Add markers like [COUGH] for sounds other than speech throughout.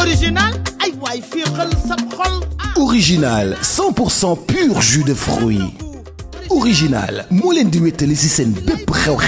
original ay waay fii pur jus de fruits original moo leen di wéttali ci seen bépp xew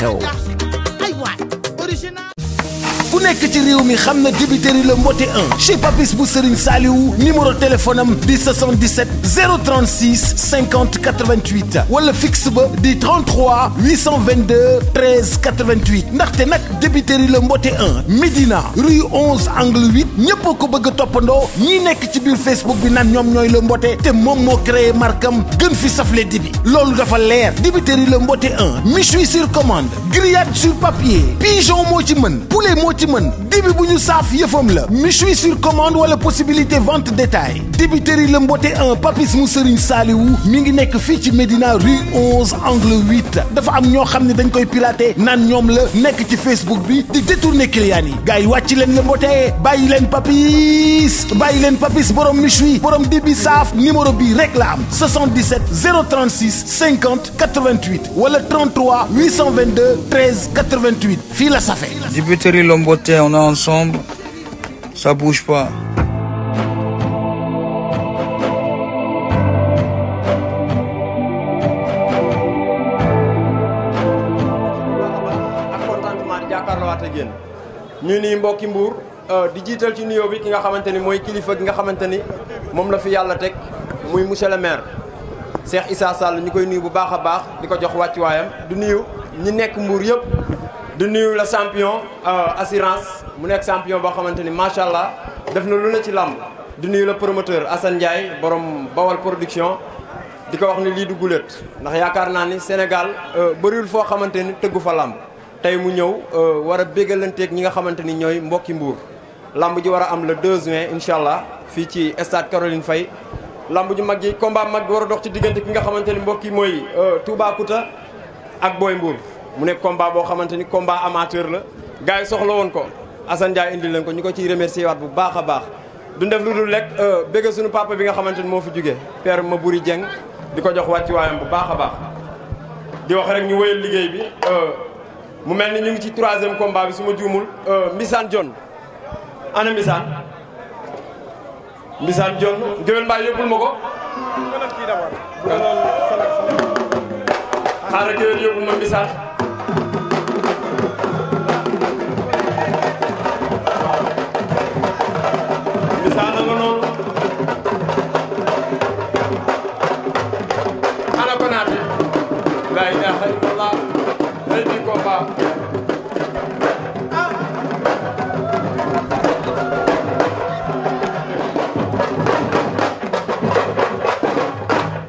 ku nekk ci réew mi xam na débiteri le mbote 1 chez Papis bu Serigne Saliou numéro téléphone am di 77 036 50 88 wala fixe ba di 33 822 13 88 ndaxte nag débiteri la mbote 1 Médina rue 11 angle 8 ñëpp ko bëgg a toppandoo ñi nekk ci biir Facebook bi naan ñoom ñooy le mbote te moom moo créé markam gën fi safle dibi loolu dafa leer débiteri le mbote 1 méchoui sur commande grillade sur papier pigeon moo ci mën poulet moo ci ci mën dibi bu ñu saaf yëfam la méchoui sur commande wala possibilité vente détail débiteri la mbote un papis mu sëriñ saaliwu mi ngi nekk fii ci Médina rue 11 angle 8 dafa am ñoo xam ne dañ koy piraté naan ñoom la nekk ci Facebook bi di détourner clients yi gars yi wàcc leen la mbote bàyyi leen papis bàyyi leen papis borom méchoui borom dibi saaf numéro bi rek la am 77 036 50 88 wala 33 822 13 88 fii la safe débiteri beauté, on est ensemble. Ça bouge pas. ak ñu ni mbokki mbuur euh, di jiital ci nuyoo bi ki nga xamante ni mooy kilifa gi nga xamante ni moom la fi yàlla teg muy monsieur le maire Cheikh Issa Sall ñu koy nuyu bu baax a baax di ko jox wàccuwaayam du nuyu ñi nekk mbuur yëpp. du nuyu la champion euh, assurance mu nekk champion boo xamante ni macha allah def na lu la ci làmb du nuyu la promoteur Assane Ndiaye borom Bawal production di ko wax ni lii du guléet ndax yaakaar naa ni Sénégal euh, bëriwul foo xamante ni tëggu fa làmb tey mu ñëw euh, war a bégalanteeg ñi nga xamante ni ñooy mbokki mbuur làmb ji war a am la 2 juin incha allah fii ci stade Caroline Faye lamb ju mag ji combat mag bi war a dox ci diggante ki nga xamante ni mbokk yi mooy Toubacouta ak Boy Mbour mu nekk combat boo xamante ni combat amateur la gars yi soxla woon ko Assane Ndiaye indi leen ko ñu ko ciy remercier waat bu baax a baax du def lu dul lekk euh, bëgg suñu papa bi nga xamante ni moo fi jóge ma Mabouri Dieng di ko jox wàccuwaayam bu baax a baax di wax rek ñu wéyal liggéey bi euh, mu mel ni ñu ngi ci troisième combat bi su ma juumul euh, Mbisaan John ana Mbisaan Mbisaan John géwél mbaay yóbbul ma ko xaaral géwél yóbbul ma Mbisaan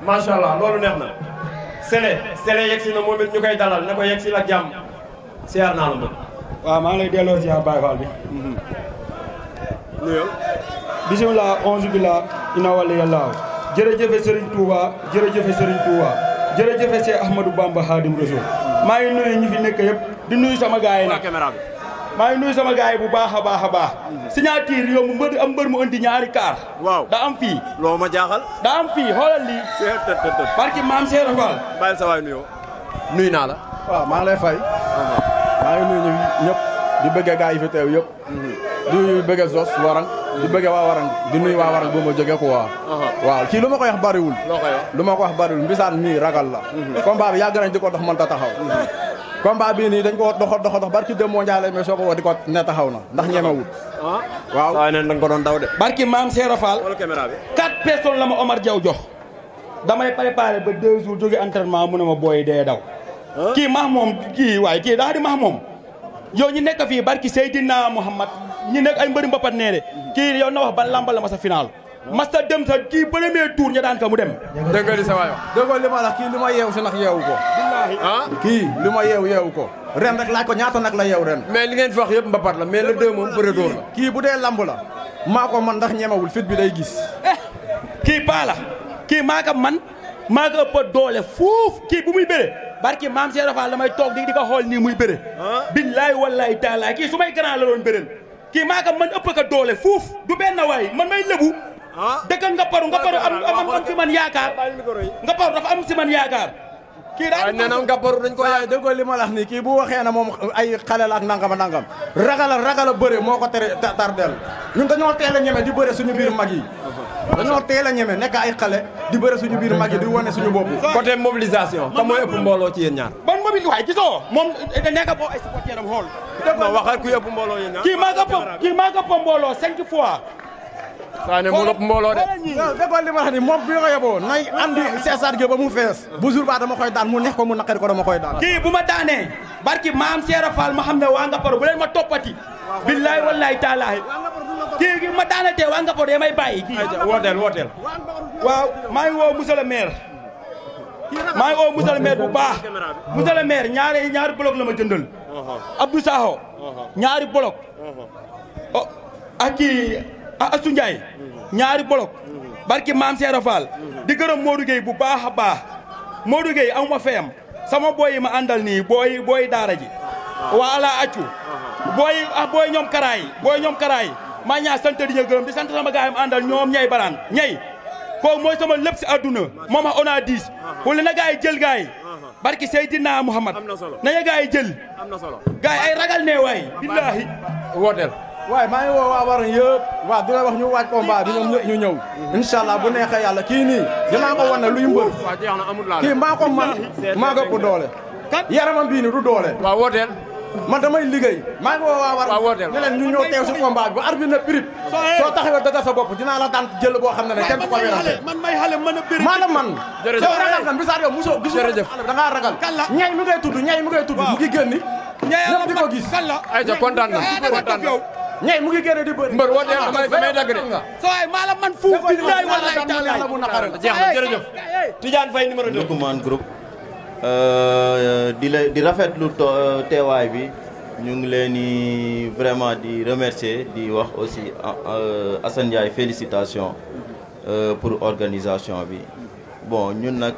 macha allah loolu neex na Sélé Sélé yegg si na moom ñu koy dalal ne ko yegg si la jàmm siyaar naa la moom. waaw maa ngi lay delloo siyaar Baye Fall bi. Mhm. nuyoo. bisimilah onze billah ina wàllu yàlla jërëjëf Serigne Touba jërëjëf Serigne Touba jërëjëf Cheikh Ahmadou Bamba Khadim Rassoul maa ngi nuyu ñi fi nekk yëpp di nuyu sama gars yi nag. maa ngi nuyu sama gaay bu baax a baax a baax signature yow mu mbër am mbër mu andi ñaari kaar waaw daa am fii loo ma jaaxal daa am fii xoolal lii barki maam Seera Fall bàyyil sa naa la waaw maa ngi lay fay maa ngi nuyu ñëpp di bëgge gars yi fi teew yëpp mhm. di bëgge Zos warang di bëgge waa warang di nuyu waa warang bu ma jóge ko waa waaw kii lu ma ko wax bariwul lu ma ko wax bariwul mbisaan mii ragal la mhm. combat bi yàgg nañ di ko dox mënta taxaw mhm. combat bii nii dañ ko doxal doxal dox barki dem moo njaale mais soo ko woo di ko ne taxaw na ndax ñeme ah. waaw waaye neen da nga ko doon daw de barki maam Seera Fall quatre personnes la ma Omar Diaw jox damay préparé ba deux jours jóge entraînement mu ne ma booy dee daw ah. kii max moom kii waaye kii daa di max moom yow ñi nekk fii barki Seydina Mouhamad ñi nekk ay mbëri mbapat nee de kii yow na wax ban làmbal la ma sa final masta dem sa kii premier tour ña daan ka mu dem. dëgg li sa li ma la kii li ma yeewu si nag yeewu ko. Ah? ah kii li ma yeewu yeewu ko. ren rek laaj ko ñaata nag la yeewu ren. mais li ngeen fi wax yëpp mbapat la mais la deux moom bëre door la. kii bu dee lamb la. maa ko man ndax ñemewul fit bi day gis. Eh, kii paa kii maaka man maa ko ëpp doole fuuf kii bu muy bëre. barki maam Cheikh Rafaal damay toog di di ko xool nii muy bëre. Ah? billaay wallaay taalaay kii su may grand la doon bëreel. kii maa ko man ëpp ka doole fuuf du benn may lëbu. Ah. dëgg nga paru nga paru am am si man yaakaar nga paru dafa am si man yaakaar kii daal waaye nee na nga paru dañ ko yaay dëgg li ma la wax nii kii bu waxee na moom ay xale la ak nangama nangam ragala ragala bëre moo ko tere tardel ñun dañoo teel a ñeme di bëre suñu biir mag yi dañoo teel a ñeme nekk ay xale di bëre suñu biir mag yi di wane suñu bopp côté mobilisation te mooy ëpp mbooloo ci yéen ñaar ban mobili waaye gisoo moom nekk boo ay supporteram xool waxal ku ëpp mbooloo yéen ñaar kii maa ko ëpp kii maa ko ëpp mbooloo cinq fois Sané mbooloo mbooloo de. déggoo li ma wax ni moom bi ma ko yeboo nay andi César Gueye ba mu fees. bu jour ba dama koy daan mu neex ko mu naqari ko dama koy daan. kii bu ma daanee barki maam Seera Fall ma xam ne waa Ngaparou bu leen ma toppati. billaay wallaay taalaay. kii gi ma daanatee waa Ngaparou yee may waaw maa ngi woo monsieur le maire. maa ngi woo monsieur bu baax. monsieur ñaari ñaari bloc la ma jëndal. Abdou Sakho. ñaari bloc. o oh, ak kii. ah Astou Ndiaye ñaari bolok barki maam Seera Fall di gërëm Modou Gueye bu baax a baax Modou Gueye amu ma feyam sama booy yi ma àndal nii booy booy daara ji waa ala accu booy ah booy ñoom karaay booy ñoom karaay maa ñaa sant di ñu gërëm di sant sama gaayam àndal ñoom ñay baraan ñay kooku mooy sama lépp si àdduna moom wax on a na gaa yi jël gaa yi barki naa Muhammad nañu gaa yi jël gaa yi ay ragal ne waay billaahi waaye maa ngi woo waa Waran yëpp waaw dina wax ñu waaj combat bi ñoom ñëpp ñu ñëw incha allah bu neexee yàlla kii nii dinaa ko wan ne luy mbër kii maa ko man maa ko doole yaramam bii ni du doole waaw wooteel man damay liggéey maa ngi woo waa Waran ne leen ñu ñëw teew si combat bi bu na prip soo taxawee dada bopp dinaa la daan jël boo xam ne ne kenn du ko werante man may xale mën a bëri maa la man soo ragal na bisaar yow mosoo gisu xale da ngaa ragal ñay mi ngay tudd ñay mi ngay tudd mu ngi génni ñëpp di ko gis ayca kontaan na kontaan ñey mu ngi gën a di bëri mbër woo dee dagg de so ay maa la man fuuf bi lay wallaay taala mu naqar la jeex na jërëjëf Tidiane Faye numéro 2 euh, di la di rafetlu euh, teewaay bi ñu ngi leen di vraiment di remercier di wax aussi Assane Ndiaye félicitations euh, pour organisation bi bon ñun nag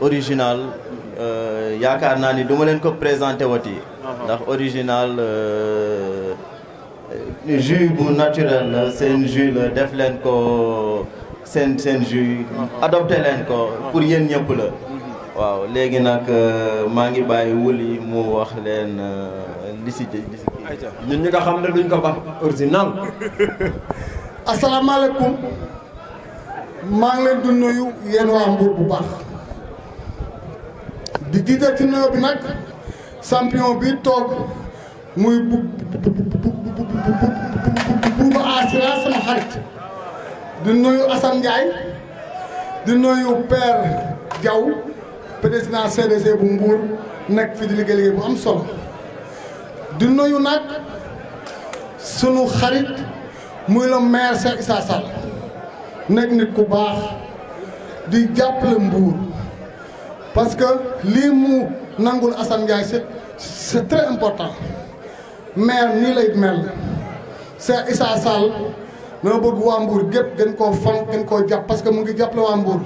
original yaakaar naa ni du ma leen ko présenté wati ah, ah. ndax original Euh, jus bu naturel la seen jus la def leen ko seen seen jus adopté leen ko pour yéen ñëpp la waaw léegi nag euh, maa ngi bàyyi wuli mu wax leen euh, li si jë ñun ñi nga xam ne luñ ko wax original [LAUGHS] asalaamaaleykum maa ngi leen di nuyu yéen waa Mbour bu baax di jiite ci nuyoo bi nag champion bi toog muy bu buuba sama xarit di nuyu Assane Ndiaye di nuyu Père Diaw président CDC bu Mbour nekk fi di liggéey liggéey bu am sol di noyu nag sunu xarit muy la maire Cheikh Issa Sall nekk nit ku baax di jàppale Mbour parce que lii mu nangul Assane Ndiaye c'est c'est important maire nii lay mel Cheikh Issa Sall dama bëgg waa Mbour gépp gën koo fonk gën koo jàpp parce que mu ngi jàppale waa Mbour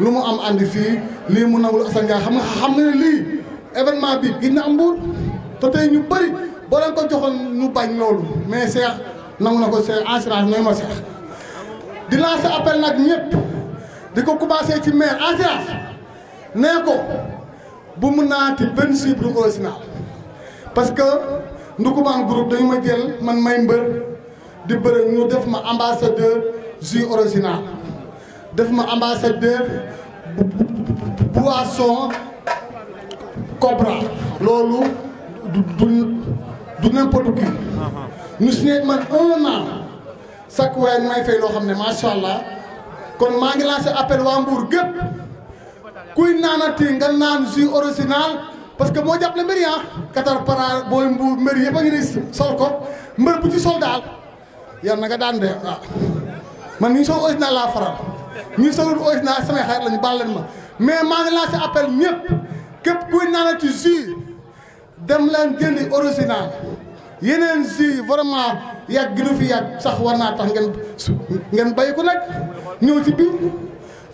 lu mu am andi fii lii mu nangul Assane Ndiaye xam nga ne lii événement bi gis na am Mbour te tey ñu bëri boo leen ko joxoon ñu bañ loolu mais Cheikh nangu na ko Cheikh assurance nooy ma Cheikh di lancé appel nag ñëpp di ko commencé ci maire assurance nee ko bu mu naati benn chiffre original parce que Ndoukoubane groupe dañu ma jël man may mbër di bëre ñu def ma ambassadeur jus original def ma ambassadeur boisson Cobra loolu du du n'importe qui ñu signé man un an chaque weer may fay loo xam ne macha allah kon maa ngi lancé appel waa Mbour gépp kuy naanati nga naan jus original parce que moo jàppale mbër yi ah Qatar para booy mbuur mbër yëpp a ngi ni sol ko mbër bu ci sol daal yal na nga daan de ah man ñu soog original laa faral ñu soog original samay xarit lañu baal leen ma mais maa ngi lancé appel ñëpp képp kuy naanati jus dem leen jëndi original yeneen jus vraiment yàgg gi fi yàgg sax war naa tax ngeen ngeen bay ko nag ñëw ci biir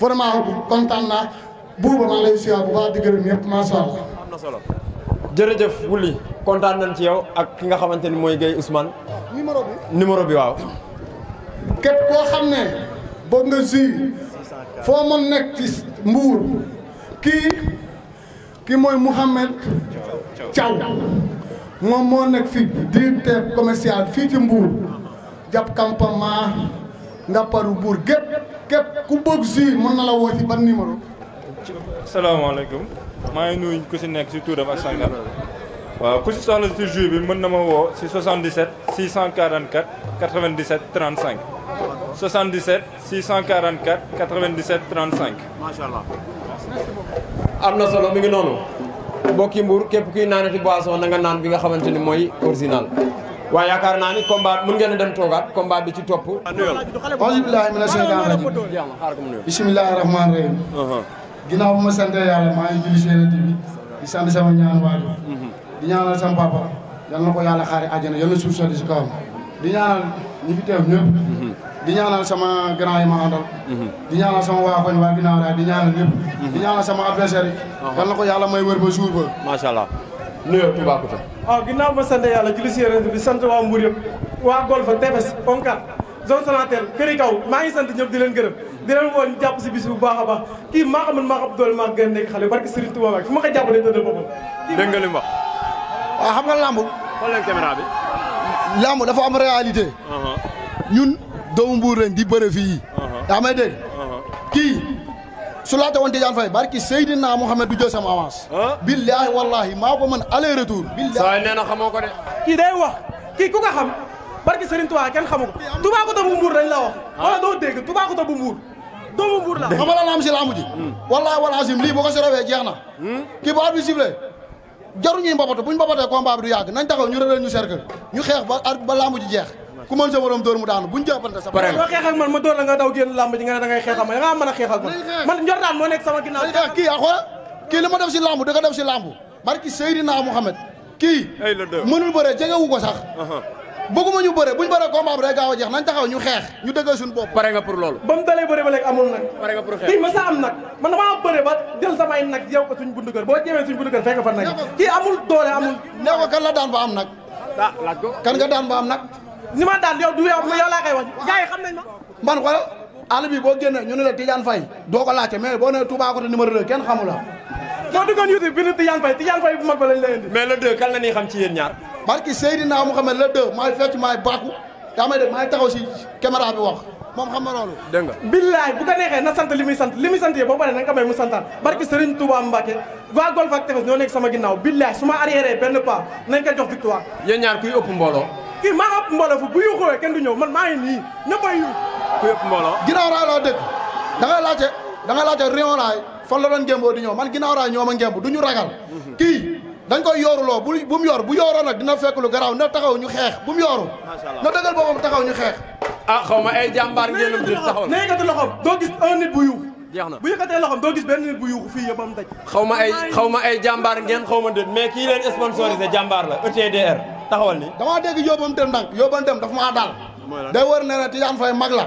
vraiment kontaan naa buuba maa lay siyaar bu baax di gërëm ñëpp macha allah. na solo. jërëjëf Wuli kontaan nañ ci yow ak ki nga xamante ni mooy Guèye Ousmane. numéro bi numéro bi waaw. képp koo xam ne bëgg nga jus foo mën nekk ci Mbour kii kii mooy Mouhamed Thiaw moom moo nekk fii directeur commercial fii ci Mbour jàpp campement nga paru Mbour gépp képp ku bëgg jus mën na la woo ci ban numéro. salaamaaleykum. maa ngi nuyu ku si nekk si tuuram a sangal waaw ku si soxla si jus bi mën na ma woo si 77 644 97 35 77 644 97 35. macha allah. am na solo mi ngi noonu. mbokki Mbour képp kuy naanati boisson na nga naan bi nga xamante ni mooy original. waaw yaakaar naa ni combat mën ngeen a dem toogaat combat bi ci topp. waaw nuyoo la. auzu billaahi mina ginnaaw bu ma sante yàlla maa ngi julli seen bi di sant sama ñaan waajur mhm. di ñaanal sama papa yal na ko yàlla xaari àjjana yal na suuf sedd si di ñaanal ñi fi ñëpp mhm. di ñaanal sama grand ma àndal mhm. di ñaanal sama waa koñ waa ginnaaw raay di ñaanal ñëpp di ñaanal sama adversaire yi uh-huh. yal na ko yàlla may wër ba jour ba macha allah nuyoo Toubacouta waaw ginnaaw ma sant yàlla julli si yéen bi sant waa Mbour yëpp waa Golf Tefes Onkar zone Sonatel këri maa ngi sant ñëpp di leen gërëm di leen woon jàpp si bis bu baax a baax kii maa xam man maa xam doole maa gën nekk xale barke Serigne Touba fu ma ko jàppalee dëgg la boppam. dégg nga li mu wax. waaw xam nga làmb. xool leen caméra bi. làmb dafa am réalité. Uh-huh. ñun doomu mbuur lañ di bëre fii. Uh-huh. yaa may dégg. Uh-huh. kii su laata woon Tidiane Faye barki Seydina Mohamed du jël sama avance. billaahi wallaahi maa ko mën aller retour. billaahi saa nee na xamoo ko de. kii day wax kii ku ko xam barki Serigne Touba kenn xamu ko. Toubacouta bu mbuur dañ la wax. wala doomu mbuur la si lamb ji hmm. wallaahi wal azim lii boo ko si jeex na hmm. kii bu arbitre sifflé jaruñuy mbapatu buñ mbabatee combat bi du yàgg nañ taxaw ñu rëddal ñu cercle ñu xeex ba ba lamb ji jeex ku mën sa borom mu daanu buñ jàppante sa borom doo xeex ak man ma dóor la nga daw génn lamb nga ne da ngay xeex ak man da nga mën a xeex ak man man njortaan moo nekk sama ginnaaw xeex kii a ah, xoola kii li ma def si lamb da ko def si bëgguma ñu bëre buñ bëree combat bi day a jeex nañ taxaw ñu xeex ñu dëggal suñu bopp. pare nga pour loolu. amul nga kii masa am nag man damaa bëre ba jël samay nag yow ko suñ bundu kër boo jëmee suñ bundu kër fekk fa nag kii amul doole amul. nee ko la daan ba am nag. Ah, kan nga daan ba am nag. ni ma daan yow du yow yow laa koy wax gars xam nañ boo génnee ñu ne la Tidiane Faye doo ko laajte mais boo nee Toubacouta numéro 2 kenn xamula. soo duggoon YouTube bi Tidiane Faye Tidiane Faye bu mag kan la ñuy xam ci barki Seydina Mouhamed le deux maay fecc maay bàkku yaa may def maay taxaw si caméra bi wax moom xam nga billaay bu ko neexee na sant li muy sant li muy sant yee boo paree na nga ko may mu santaan barki Serigne Touba Mbacke waa Golf ak Tefes ñoo nekk sama ginnaaw billaay su ma arrière benn pas nañ ko jox victoire. yéen ñaar kuy ëpp mbooloo. kii maa ëpp mbooloo fu bu yu xoolee kenn du ñëw man maa ngi nii ñëpp a yu. kuy ëpp mbooloo. ginnaaw raay loo dëkk da ngay da ngay laajte Rion raay fan la doon ngémboo di ñëw du ñu ragal mhm. kii dañ koy yooruloo bu bu mu yor bu yooroo nag dina fekk lu garaaw na taxaw ñu xeex bu mu yooru na dëggal boppam taxaw ñu xeex ah xaw ma ay jàmbaar ngeen di taxaw na yëkkati loxoom doo gis un nit bu yuuxu jeex na bu yëkkatee loxoom doo gis benn nit fii yëpp am xaw ma ay xaw ma ay jàmbaar ngeen xaw ma déet mais kii leen sponsorisé jàmbaar la ETDR taxawal ni damaa dégg yóbbam dem ndànk yóbbam dem daf maa daal day wër ne ne Tidiane Faye mag la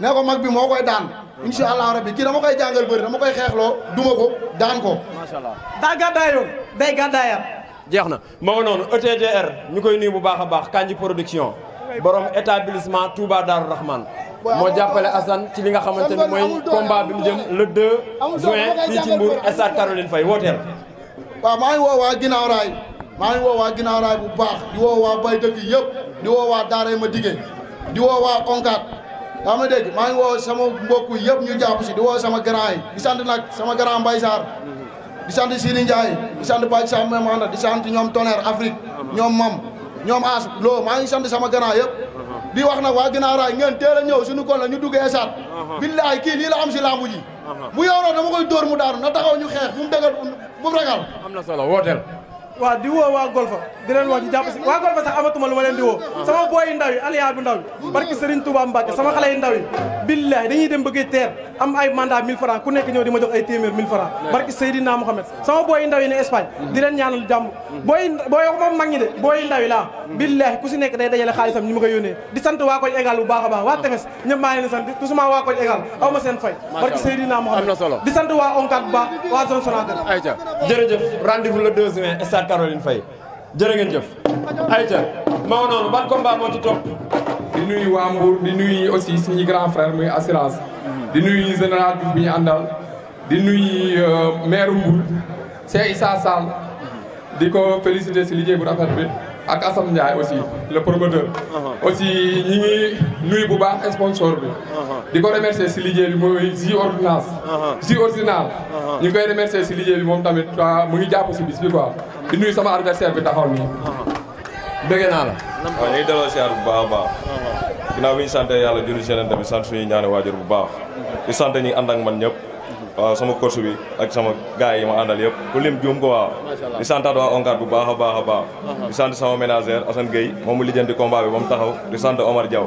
ne ko mag bi moo koy daan incha allah rabbi kii dama koy jàngal bëri dama koy xeexloo duma ko daan ko. macha allah daa gàddaayoon day jeex na ma nga noonu ETDR ñu koy nuyu bu baax a baax Kanji production borom établissement Touba Darou Rahman. moo jàppale Assane ci li nga xamante ni mooy combat bi mu jëm le 2 juin fii ci Mbour stade Caroline Faye wooteel. waaw maa ngi woo waa ginnaaw raay maa ngi woo waa ginnaaw raay bu baax di woo waa bay dëkk yëpp di woo waa Daara ma di woo waa Konkaat. yaa ma dégg maa ngi woo sama mbokk yëpp ñu jàpp si di woo sama grand yi di sant nag sama grand Mbaye Sarr di sant Sini Ndiaye di sant Bac Sam Memanda di sant ñoom Tonnerre Afrique ñoom Mam ñoom As loo maa ngi sant sama grand yëpp di wax nag waa Guinaar Rail ngeen teel a ñëw suñu kon la ñu duggee esaat billaay kii lii am si lambu ji bu yoroo dama koy dóor mu daaru na taxaw ñu xeex bu mu dëgër mu ragal am na solo wooteel waaw di woo waa Golfa di leen wax ñu si waa Golfa sax amatuma lu ma leen di ah. sama booy yi ndaw yi aliya bu ndaw yi barki Serigne sama xale yi ndaw yi dañuy dem bëgg teer am ay mandat 1000 francs ku nekk ñëw di ma ay téeméer 1000 francs barki Seydina Mohamed sama booy yi ndaw ne Espagne di leen ñaanal jàmm mm-hmm. booy booy moom laa mm-hmm. billahi ku si nekk day dajale xaalisam ñu ma koy yónnee di sant waa koñ égal bu a waa ah. tefes ñëpp Caroline Faye jërë ngeen jëf. ayca maa noonu ban combat moo ci di nuyu waa di nuyu aussi suñu grand muy assurance. di nuyu général Diouf bi di nuy euh, maire Mbour Cheikh Issa di ko féliciter si liggéey bu rafet bi. ak Assane Ndiaye aussi le promoteur. Uh-huh. aussi ñi ngi nuyu bu baax sponsor bi. Uh-huh. di ko remercier si liggéey bi mooy si ordonnance. si uh-huh. ordinal. ñu ngi koy remercier si liggéey bi moom tamit mu ngi jàpp si bis bi quoi di nuyu sama adversaire bi taxaw nii. bëgg naa la. waaw ñu ngi delloo siyaar bu baax a baax. ginnaaw bi ñu sant yàlla julli si yeneen tamit sant suñuy ñaani waajur bu baax. di sant ñi ànd ak man ñëpp. waaw sama coach bi ak sama gars yi ma àndal yëpp ku lim juum ko waaw di santaat waa ONCAR bu baax a baax a baax di sant sama ménagère Assane Gueye moom mu lijjanti di bi ba mu taxaw di sant Omar Diaw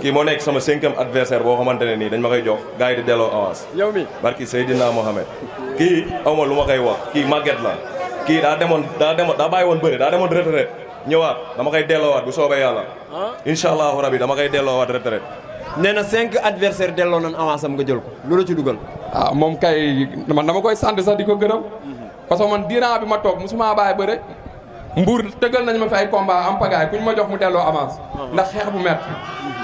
kii moo nekk sama cinquième adversaire boo xamante ne nii dañ ma koy jox gars yi di delloo avance yow mi barki Seydina Mohamed kii awma lu ma koy wax kii màgget la kii daa demoon daa demoon daa bàyyi woon bëri daa demoon retraite ñëwaat dama koy delloowaat bu soobee yàlla incha allahu rabi dama koy delloowaat retraite nee na cinq adversaire delloo nan avance am jël ko loolu ci dugal waaw ah, moom kay man dama koy sant sax di ko gërëm parce que man diiran bi ma toog mu suma bàyyi bëre mbuur tëggal nañ ma fi ay combat am pagaay ku ñu ma jox mu delloo avance ndax xeex bu métti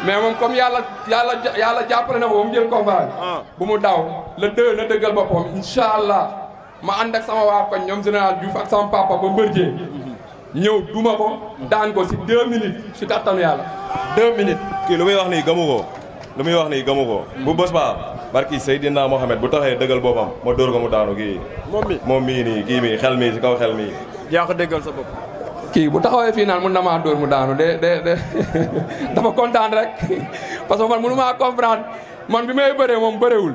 mais moom kom yàlla yàlla yàlla jàppale na ko ba mu jël combat ah. bu mu daw la deux na dëggal boppam incha allah ma ànd ak sama waa koñ ñoom général Diouf ak sama papa ba mbërjee ñëw duma ko daan ko si deux minutes si kattanu yàlla deux minutes kii lu muy wax nii gëmu ko lu muy wax nii gëmu ko bu barki Seydina Mohamed bu taxee dëggal boppam ma dóor ko mu daanu kii. moom mi moom mii nii kii mii xel mii si kaw xel mii. yaa ko sa bopp. kii bu taxawee fii naan mun na maa dóor mu daanu de de de [LAUGHS] dafa kontaan rek [LAUGHS] parce que man mënu maa comprendre man bi may bëree moom bëreewul.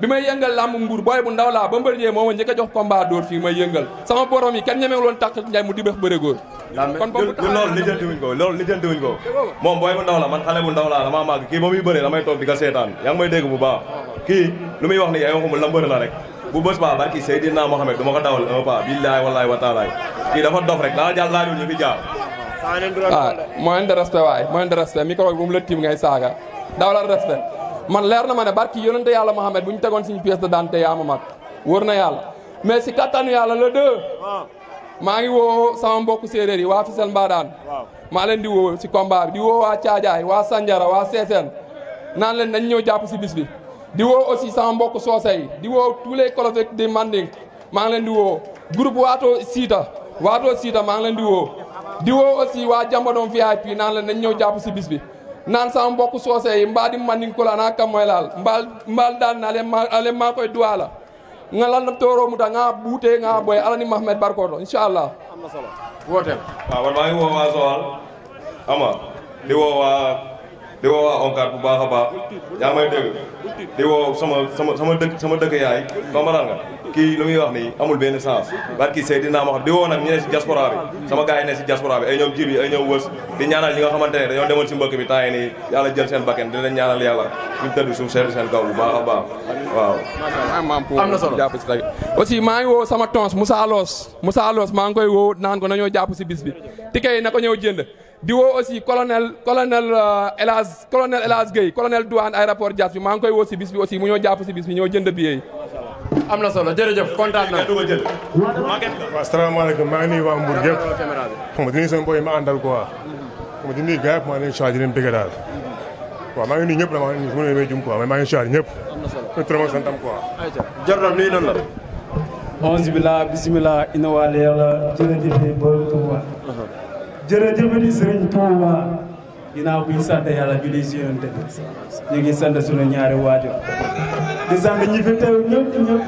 bi may yëngal làmb mbuur booy bu ndaw laa ba mbër jee moom a njëkk a jox dóor fii may yëngal sama borom yi kenn ñemewuloon tàq njaay mu di bex bëre kon boobu taxaw loolu lijjanti wuñ ko moom booy bu ndaw man xale bu ndaw laa damaa màgg kii ba muy toog di ko seetaan yaa ngi may dégg kii lu muy wax ni ay waxuma lambër la rek bu bés barki Seydina Mohamed dama ko dawal un pas billahi wallahi wa taala kii dafa dof rek daa jàll laajul ñu fi jaar waaw ah, ah, moyen de respect waay moyen de respect micro bi bu mu la tiim ngay saaga man leer na ma ne barki yonente yàlla Mohamed bu ñu maa ngi woo sama mbokku séeréer yi waa Fisel Mbadaan maa leen di woo si combat di woo waa Caajaay waa Sanjara waa Seeseen naan leen nañ ñëw jàpp si bis bi di woo aussi sama mbokk soose yi di woo tous les collègues de Manding maa ngi leen di woo groupe waatoo siita waatoo siita maa ngi leen di woo di woo aussi waa jambadom VIP naan leen nañ ñëw jàpp si bis bi naan sama mbokk soose yi mbaa di Manding la naa kam mooy laal mbaal mbaal daan na ale maa koy la ngalanɗam toromuta ga ɓuute ga ɓoye alani mahmed barkoto inchallah woten allah man maa ngi woowaa Joal ama di woowaa di woowaa oncar bu baax a baax yaa may dégg di woo sama sama sama dëkk sama dëkk yaay comprendre kii lu muy wax nii amul benn sens barki Seydina Muhammad di woo nag ñu ne si diaspora sama gars ne si diaspora bi ay jibi ay ñoom wës di ñaanal ñi nga xamante ne dañoo demoon si mbëkk bi temps yi nii yàlla jël seen bakken dinañ ñaanal yàlla ñu tëdd suuf seetlu seen kaw bu baax a baax waaw am na solo jàpp si tag aussi maa ko na ko ñëw jënd di woo aussi colonel colonel euh, El Hadj colonel El Hadj Gueye colonel maa ngi koy woo si bis bi mu ñoo jàpp am na solo jërëjëf kontaan naa. waaw salaamaaleykum maa ngi nuyu waa Mbour gépp xam nga di nuyu sama mbooy ma àndal quoi xam nga di nuyu gars maa ngi leen choix di leen bëgg daal maa ngi nuyu ñëpp la maa ngi nuyu su ma leen may jum quoi mais santam quoi jornam nuyu nan la onze bila bisimila inawaale yàlla jërëjëfe borom Touba uh-huh. jërëjëfe di Serigne Touba ginnaaw bi ñu sant yàlla julli si yonent bi ñu ngi sant sunu ñaari waajur di sant ñi fi ñëpp ñëpp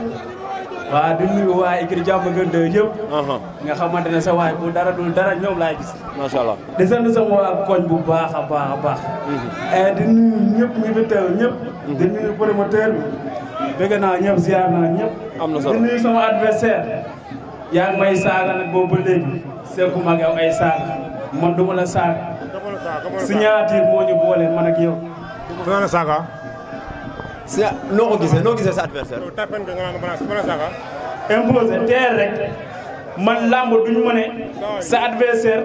waa di nuyu waa ikri jàmm gën de yëpp uh-huh. nga xamante ne sa bu dara dara ñoom laay gis macha allah di sant koñ bu baax a baax mm-hmm. eh, ñëpp ñi ñëpp mm-hmm. di nuyu promoteur bi bëgg naa ñëpp ziar naa ñëpp am na solo di nuyu sama adversaire yaa may saaga nag boobu ba léegi seeku mag yow ay saaga man du la saaga signature moo ñu boole man ak yow. Banana Saka. si noo ko gisee noo gisee sa adversaire. tapen nga naan Banana Saka. imposé teer rek man làmb duñu ma sa adversaire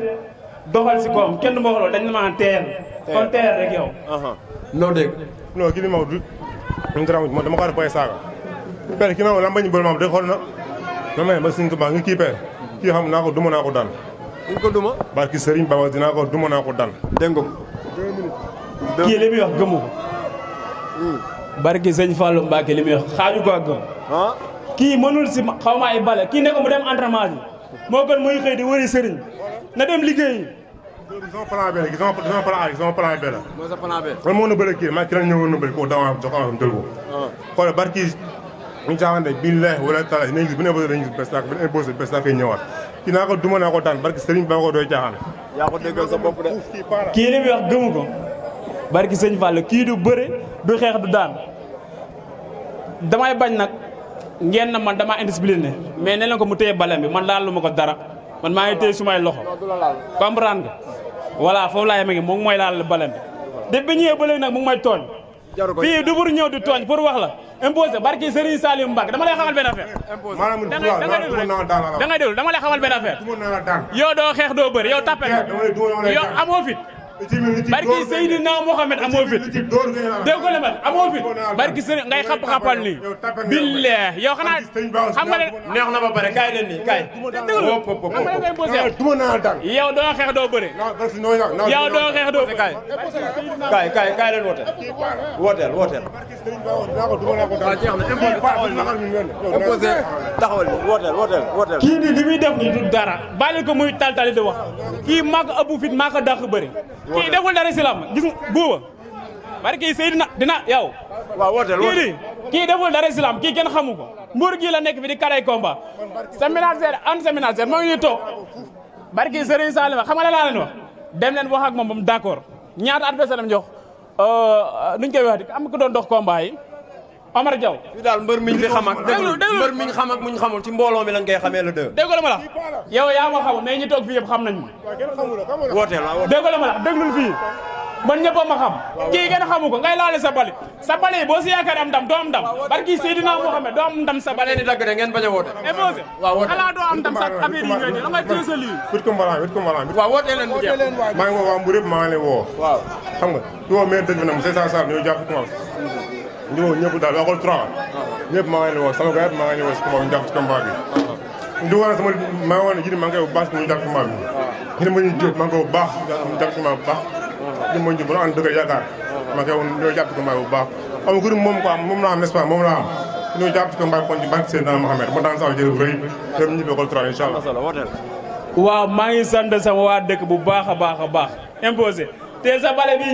doxal si koom kenn du ma wax loolu dañ ne ma teer. kon teer rek yow. Uh-huh. noo dégg. non kii bi ma du ñu dara ma dama a poye Saka. père kii ma lamba ñu boole maam de xool na. non mais ba Sëñ Tuubaa nga kii père kii xam naa ko duma naa ko daan. dañ ko duma. barki Serigne Baba dinaa ko duma naa ko dal. dégg nga. kii li muy wax gëmu ko. Hmm. barki sëñ Fallou Mbacke li muy wax xaaju ko ak gëm. Ah. kii mënul si xaw ma bale kii ne ko mu dem entraînement bi moo gën muy xëy di wëri Serigne na dem liggéeyi. sama plan B la sama plan A sama plan B la. mooy sa plan B. kon moo na bëri kii maa ci la ñëwoon na bëri koo daaw a jox ko am jël ko. Ah. xoolal barki. ñu caawante billahi wala taala nañ gis bu ñu imposé dañu gis Bestaak bu ñu imposé Bestaak koy ñëwaat kii naa ko duma naa ko daan barki Serigne Ba ko doy caaxaan kii li muy wax gëmu ko barki Sëñ Fall kii du bëre du xeex du daan damay bañ nag ngeen na man damaa indiscipliné mais ne leen ko mu téye balam bi man laal lu laaluma ko dara man maa ngi téye sumay loxo comprendre nga voilà foofu laay yem ngi moom mooy laal balam bi de bi ñëwee ba léegi nag mu ngi tooñ fii ñëw di tooñ pour wax imposé barki Serigne Saliou Mbacke dama lay xamal benn affaire. Eh, maanaam da ngay déglu dama lay xamal benn affaire. yow doo xeex doo bëri yow tapé eh, yow amoo barki Seydina Mohamed amoo fit dégg ko lemal amoo fit barki Sëriñ ngay xapp-xappal nii billah yow xanaa xam nga ne neex na ba pare kaay leen nii kaay yow doo xeex doo bëre yow doo xeex doo bëre kaay kaay kaay leen woote wooteel wooteel imposé taxawal wooteel wooteel wooteel kii nii li muy def nii du dara bàyyi ko muy taltali di wax kii maa ko ëpp fit maa ko dàq bëre kii deful dara si làmb gis nga buuba barke Seydina dina yow. waaw wooteel wooteel kii di kii deful dara si kii kenn xamu ko mbuur gii la nekk fi di karay combat sa ménagère an sa ménagère moo ngi ñuy toog barke Serigne Salima xam nga la laa leen wax dem leen wax ak moom ba mu d'accord ñaata adversaire am jox euh, euh, nuñ koy wax am ko doon dox combat yi. Omar Diaw fii daal mbër miñ fi xam ak mbër miñ xam ak muñ xamul ci mbooloo mi lañ koy xamee la dëgg dégg la ma la yow yaa xamul mais ñi toog fii yëpp xam nañ ma wooteel la dégg la ma la man ñëpp xam kii kenn ngay laale sa bali boo si yaakaar am ndam doo am ndam barki Seydina Mohamed doo am ndam sa ni dagg ngeen bañ a woote émosé eh, xanaa doo am ndam sa affaire yi ngay da ngay téye sa lii wut ko mbalaan wut ko mbalaan waaw wootee leen bu jeex maa ngi woo waa Mbour yëpp maa ngi leen woo waaw xam nga di woo maire ñu woo ñëpp daal waxul trois ñëpp maa ngi leen woo maa ngi leen woo si combat bi ñu jàpp si sama maa ngi ji maa ngi koy baax si ñu jàpp si combat bi. ñu ne ma ñu baax ñu jàpp si combat bu baax. ñu ma ñu bu la ànd dëgg yaakaar maa ngi koy bi bu baax. am gërëm moom ko am moom ce pas moom laa am ñu ngi jàpp si combat bi kon ci barke Mohamed ma daan saa jël bu rëy dem ñibbi école trois incha allah. waaw maa ngi sant sama waa dëkk bu baax a baax a baax imposé teel sa bale bi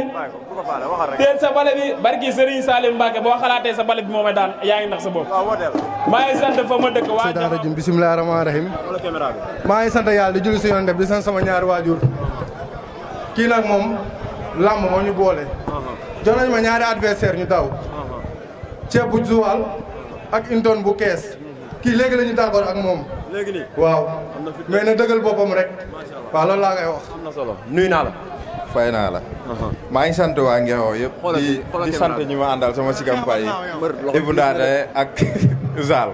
teel sa bale bi barki Serigne Salim Mbacke boo xalaatee sa bale bi moo may daan yaa ngi nax sa bopp maa ngi sant fa ma dëkk waa seytaan rajim bisimilah rahmaani rahim maa ngi sant yàlla di julli si yoon def di sant sama ñaari waajur kii nag moom làmb moo ñu boole uh-huh. jox ma ñaari adversaire ñu daw uh-huh. ceeb bu Joal ak une tonne bu kees uh-huh. kii léegi la ñu d'accord ak moom léegi waaw mais na dëggal boppam rek waaw loolu laa naa fay naa la. Uh-huh. maa ngi sant waa Ngexoo yëpp. di di sant ñi ma àndal sama sikam paa yi. Ibou Ndade ak Zal.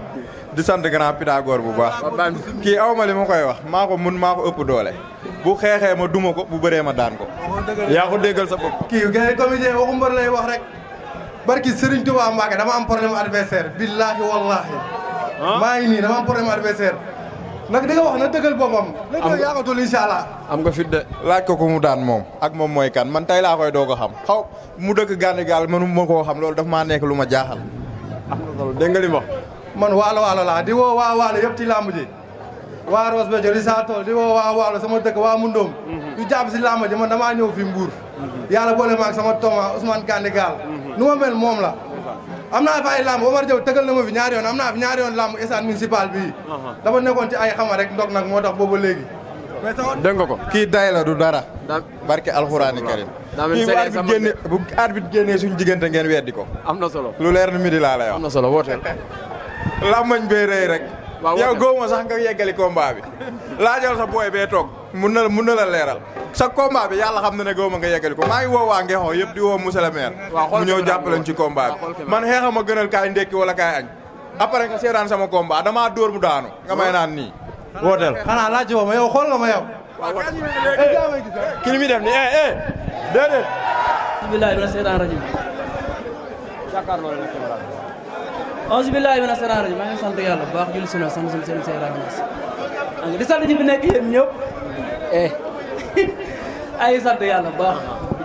di sant grand Pythagore bu baax. kii aw ma li ma koy wax maa ko mun maa ko ëpp doole. bu xeexee ma duma ko bu bëree ma daan ko. yaa ko déggal sa bopp. ki gars yi comédien waxu mbër lay wax rek. barki Serigne Touba Mbacke dama am problème adversaire billahi wallahi. maa ngi nii dama am problème adversaire. nag di wax na dëggal boppam. am na dëgg yaakatul incha am nga fit de laaj ko ku mu daan moom. ak moom mooy kan man tey laa koy doog xam. xaw mu dëkk gànn gaal mënu ma koo xam loolu daf maa nekk lu ma jaaxal. am na ma. man waalo waalo laa di wa waa waalo yëpp ci làmb waa Ross Béthio di saa tool di woo waa waalo sama dëkk waa Mundoom. Mhm. ñu jàpp si làmb ji man damaa ñëw fi Mbour. yàlla boole ma sama toma Ousmane Gandé Gaal. Mhm. nu ma mel moom la. am naa fi ay làmb Omar Diaw tëgal na ma fi ñaari yoon am naa fi ñaari yoon làmb stade municipal bii. Uh-huh. dama nekkoon ci ay xama rek ndog nag moo tax boobu léegi. mais sama ko. kii day la du dara. barke alxuraani karim. daa mel ni bu arbitre génnee suñ diggante ngeen weddi ko. am na solo lu leer ni midi laa lay wax. am na solo woote. làmmañ bee rek. waaw yow góob ma sax nga yeggali combat bi laajal sa boo bee toog mun na la mun na la leeral sa combat bi yàlla xam na ne góob ma nga yeggali ko maa ngi woo waa Ngexon yëpp di woo monsieur le maire. mu ñëw jàppaleñ ci combat bi man xeexa ma gënal kaay ndekki wala kaay añ. après nga seetaan sama combat damaa dóor mu daanu nga may naan nii. wooteel xanaa laaj woo ma yow xool nga ma yow. waaw waaw eh, eh, kii li muy def nii eh, eh déedéet. auzu billaahi mina shaytaani rajiim maa ngi sant yàlla bu baax julli sunu sant sunu sëriñ Seydou Rabinas di sant ñi fi nekk ñëpp eh [LAUGHS] ay sant yàlla bu baax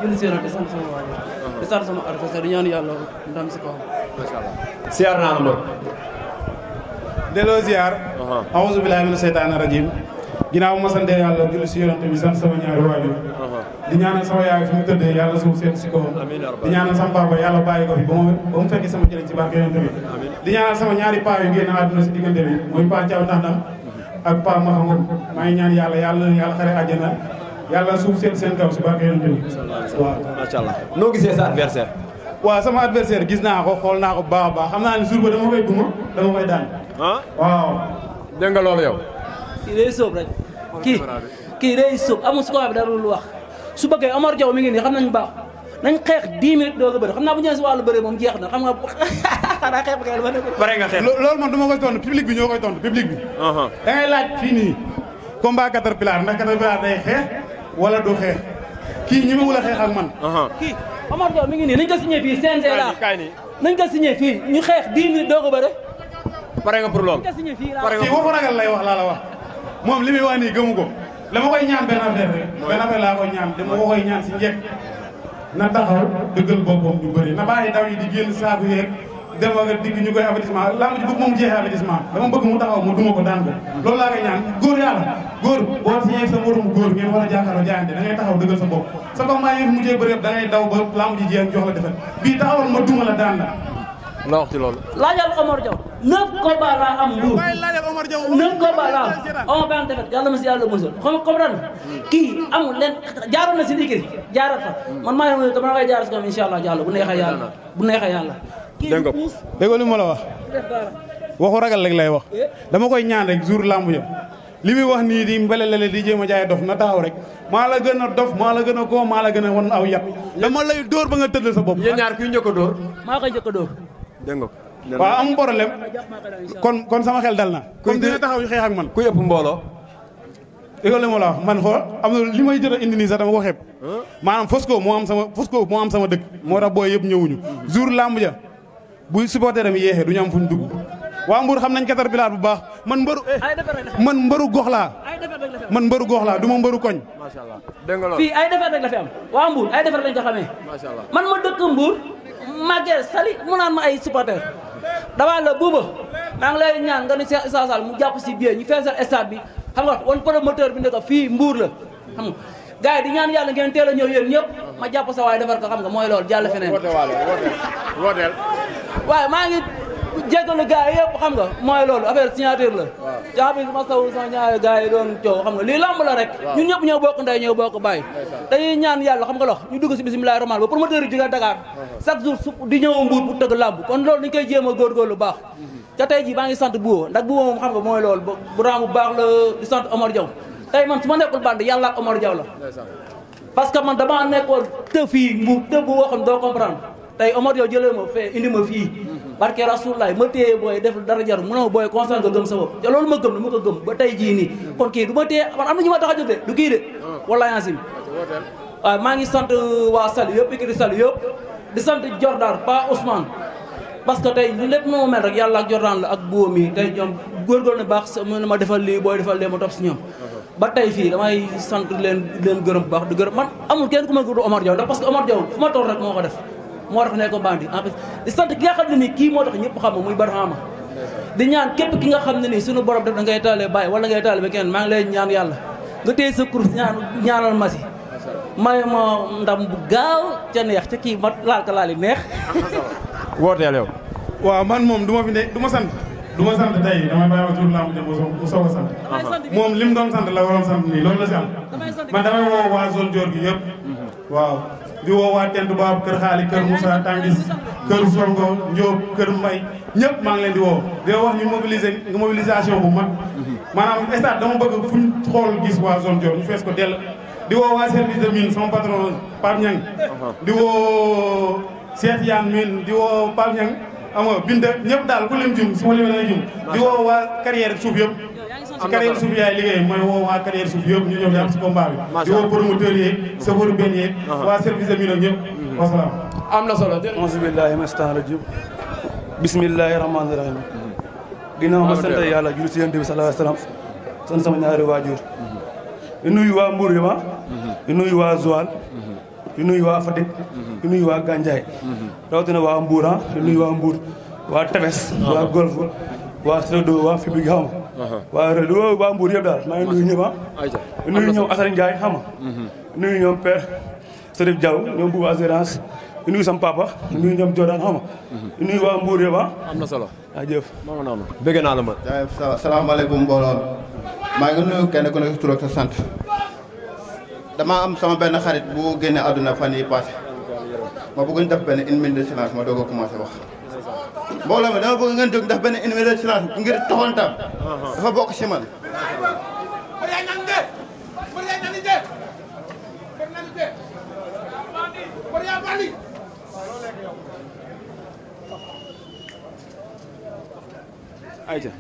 julli sunu di sant sama waajur di si kawam. macha allah ziar naa la mbër. ginnaaw ma sante yàlla julli si yonent bi sant sama ñaari waajur uh-huh. di ñaanal sama yaay fi mu tëddee yàlla suuf seet si kawam uh-huh. ñaan yàlla yàlla yàlla xare àjjana yàlla suuf seet seen kaw si barke yonent bi waaw macha allah noo gisee sa adversaire waaw sama adversaire gis naa ko xool naa ko baax a baax xam naa ne jour ba dama koy duma dama koy daan ah? waaw dégg nga loolu yow kii day sóob rek kii kii day sóob amul su ko bi dara lu wax su bëggee Omar Diaw mi ngi nii xam nañ baax nañ xeex 10 minutes doo ko bëri xam naa bu ñu nee si wàllu moom jeex na xam nga [LAUGHS] xanaa xeex ba nga pare nga xeex loolu moom du ma koy tontu public bi ñoo koy tontu public bi uh-huh. da ngay laaj fii nii combat Caterpillar ndax Caterpillar day xeex wala du xeex kii ñi ma wula xeex ak uh-huh. kii Omar Diaw mi ngi nii nañ ko signé fii CNG laa nañ ko signé ñu xeex 10 minutes doo ko bëri pare nga pour loolu pare nga lay wax laa la wax moom li muy wax nii gëmu ko la ma koy ñaan benn affaire rek benn affaire laa koy ñaan dama ko koy ñaan si njëkk na taxaw dëggal boppam du na bàyyi daw yi di génn saaku yeeg dem ak digg ñu koy a lamb ji bëgg moom bëgg mu taxaw mu duma ko daan ko loolu laa koy ñaan góor yàlla góor boo signé sa moromu góor ngeen war a jàkkaarloo jaayante da ngay taxaw dëggal sa bopp sa combat yi mujjee bëri da ngay daw ba lamb ji jeex jox la defet bii taxawal ma duma la daan la nga wax ci loolu. laajal Omar Diaw neuf combats laa am mbuur neuf combats laa am Omar Ba tamit yàlla ma si yàlla mosal xam nga comprendre hmm. kii amul leen jaaroon na si liggéey jaarat fa man maa ngi dama koy jaar si kaw incha allah jàll bu neexee yàlla bu neexee yàlla. dégg nga déggoo li ma la wax. waxu ragal rek lay wax eh? dama koy ñaan rek jour lamb ja li muy wax nii di mbelelele di jéem a jaay dof na taxaw rek maa la gën a dof maa la gën a koo maa la gën a wan aw yat dama lay dóor ba nga tëdd sa bopp. yéen ñaar kuy njëkk a dóor. maa koy njëkk a dóor. dégg nga ko. waaw am kon kon sama xel dal na. kuy dina taxaw ñu ak man. ku ëpp mbooloo. dégg nga man xool am na li may jël a indi nii sax dama ko xeeb. maanaam Fosco moo am sama Fosco moo am sama dëkk. moo tax booy yëpp ñëwuñu. jour làmb ja bu supporter am yéexee du ñu am fu ñu dugg. waa Mbour xam nañ katar bilaat bu baax man mbëru eh, man mbëru gox laa man mbëru gox laa du ma mbëru koñ. fii ay defar rek fi am waa Mbour ay defar lañ ko xamee. macha allah man ma dëkk Mbour. màggee sali mu naan ma ay supporter damaa la buuba maa ngi lay ñaan nga ne Cheikh Issa Sall mu jàpp si biir ñu feesal stade bi xam nga wan promoteur bi ne ko fii mbuur la xam nga gars yi di ñaan yàlla ngeen teel a ñëw yéen ñëpp ma jàpp sa waaye defar ko xam nga mooy loolu jàll feneen wooteel waaye maa ngi jéggalu gars yi yëpp xam nga mooy loolu affaire signature la jaxabin masawu sama ñaari gars yi doon coow xam nga lii lamb la rek ñun ñëpp ñoo bokk ndey ñoo bokk bàyyi xam nga lox ñu dugg si bisimilahi rahmaan ba promoteur yi jógee Dakar uh-huh. chaque jour su di ñëw mbuur pour tëgg lamb kon loolu dañ koy jéem a góorgóorlu baax mm-hmm. ca tey jii maa ngi sant buo ndax buo moom xam nga mooy loolu bu raamu baax la di sant Omar Diaw tey man su ma nekkul band yàlla ak Omar Diaw la parce que man damaa nekkoon tëf yi mbuur woo xam doo comprendre tey Omar barke rasulullaay ma téye booy def dara jar mu ne ma booy confiance nga gëm sa bopp te ma gëm ni ma ko gëm ba tey jii nii kon kii du ma téye man am na ma tax a de du kii de ah. wala yaasim waaw maa ngi sant euh, waa Sall yëpp ikiti Sall yëpp di sant Jordan Pa Ousmane parce que tey lépp moo mel rek yàlla ak Jordan la ak buum yi tey ñoom góorgóorlu na baax mu ne ma defal lii booy defal lee ma topp si ñoom ah. ba tey fii damay sant leen leen gërëm bu baax di gërëm que Omar Diaw fu ma toll ko def moo tax ne ko bandi en fait di sant ki nga xam ne nii kii moo tax ñëpp xam muy barxaama di ñaan képp ki nga xam ne nii sunu borom def da ngay taalee bàyyi wala ngay taale ba keneen maa ngi ñaan yàlla nga téye sa kurus ñaan ñaanal ma si may ma ndam bu gaaw ca neex ca kii ma laal ka laal yi neex waaw man moom du ma fi ne du ma sant du ma sant tey damay bàyyi wa tur lamb jëm bu soog a sant moom li mu doon sant la waroon sant nii loolu la si am man damay woo waa zone Dior gi yëpp mhm. di woo waa tent baabu kër xaali kër Moussa Tangis kër Songo Ndiob kër Mbay ñëpp maa ngi leen di woo di wax ñu mobiliser mobilisation bu mag maanaam stade dama bëgg fu ñu xool gis waa zone Dior ñu fees ko del di woo waa service de mine sama patron Pape Niang di woo Cheikh Yane mine di woo Pape Niang xam nga Binta daal ku lim jum su ma limee na di woo waa carrière suuf yëpp ci carrière suuf yaay liggéey mooy woo waa carrière suuf yëpp ñu ñëw ñu am si combat bi di woo promoteur yeeg chauffeur benn yeeg waa service am yi nag am na solo jërëjëf auzubillahi mina shaytaani rajim bismillahi rahmaani rahim ginnaaw ma yàlla julli si yonent bi sallallahu alayhi wa sallam sant ñaari waajur di nuyu waa mbuur yi ma nuyu waa Joal hmm. di nuyu waa Fatick hmm. di nuyu waa Gandiaye hmm. rawatina waa Mbour ah waa Mbour waa Tefes waa Golf waa Séddo waa Fibi Uh-huh. waa Redu waa Mbour yëpp daal maa ngi nuyu ñëpp ah nuyu ñoom Assane Ndiaye xam nga mm-hmm. nuyu ñoom Père Serif Diaw ñoom Bouba Assurance nuyu sam papa nuyu ñoom Jordan xam nga mm-hmm. nuyu waa Mbour yëpp ah. am na solo jëf maa ngi noonu naa la ma salaamaaleykum mbooloo maa ngi nuyu kenn am sama benn xarit bu génne àdduna fan yi passé ma bëgg ñu def benn une minute ma doog a commencé wax mbooloo mi dama bëgg ngeen jóg ndax benn université silence ngir taxawantaam dafa bokk si man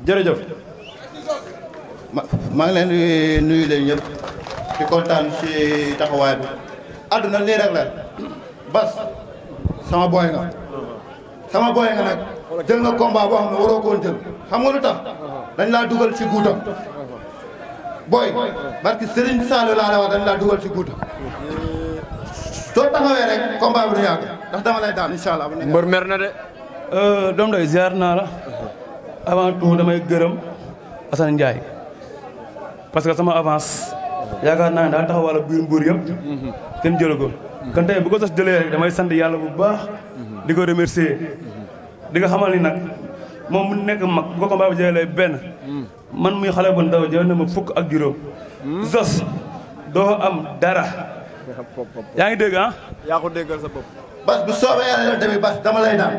jërëjëf maa ngi leen di nuyu leen ñëpp di kontaan si taxawaay bi àdduna lii rek la bas sama booy nga sama booy nga nag jël nga combat boo xam ne waroo koon jël xam nga lu tax dañ laa dugal ci guutam booy barki Serigne Saliou laa la wax dañ laa dugal ci guutam soo taxawee rek combat bi du yàgg ndax dama lay daan incha mbër mer na de. Euh, doom day ziar naa la avant tout damay gërëm Assane Ndiaye parce que sama avance yaakaar naa ne daa taxawal biir mbuur yëpp kenn jëlu ko. kon tey bu ko sos jëlee damay sant yàlla bu baax di ko remercier. di nga xamal ni nag moom mu nekk mag bu ko combat bi jëlee benn man muy xale bu ndaw jël na ma fukk ak juróom zos doo am dara yaa ngi dégg ah yaa ko déggal sa bopp bas bu soobee yàlla yoon tamit bas dama lay daan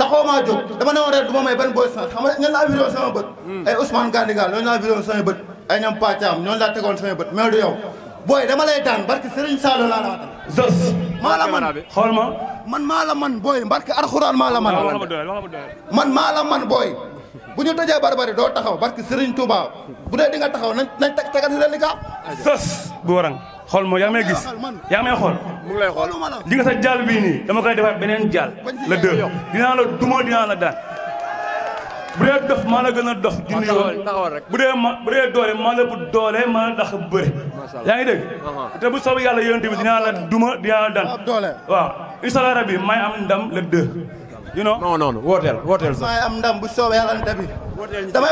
taxoo maa jóg dama ne woon rek du ma may benn booy san xam nga ngeen laa vidéo sama bët hmm. ay Ousmane Gandigal ñooñu laa vidéo sama bët ay ñoom Pathiam ñooñu laa tegoon sama bët mais du yow booy dama lay daan barke Serigne Sall laa la Zos. maa la man xool ma. man maa la man booy barke Alxuraan maa la man. man maa la man booy. bu ñu tojee barbari doo taxaw barke Serigne Touba bu dee di nga taxaw nañ nañ teg tegal si leen li ka. Zos bu warang xool ma yaa may gis yaa may xool. mu ngi lay xool di nga sa jàll bii nii dama koy defaat beneen jàll. la deux dinaa la duma dinaa la daan. bu dof maa la gën a dof. junni yoon bu dee ma bu dee maa la bu doole maa la ndax bëri. yaa ngi dégg. bu soobee yàlla yonent bi dinaa la duma dinaa la daan. doole waaw incha am ndam le deux. you know bi. damay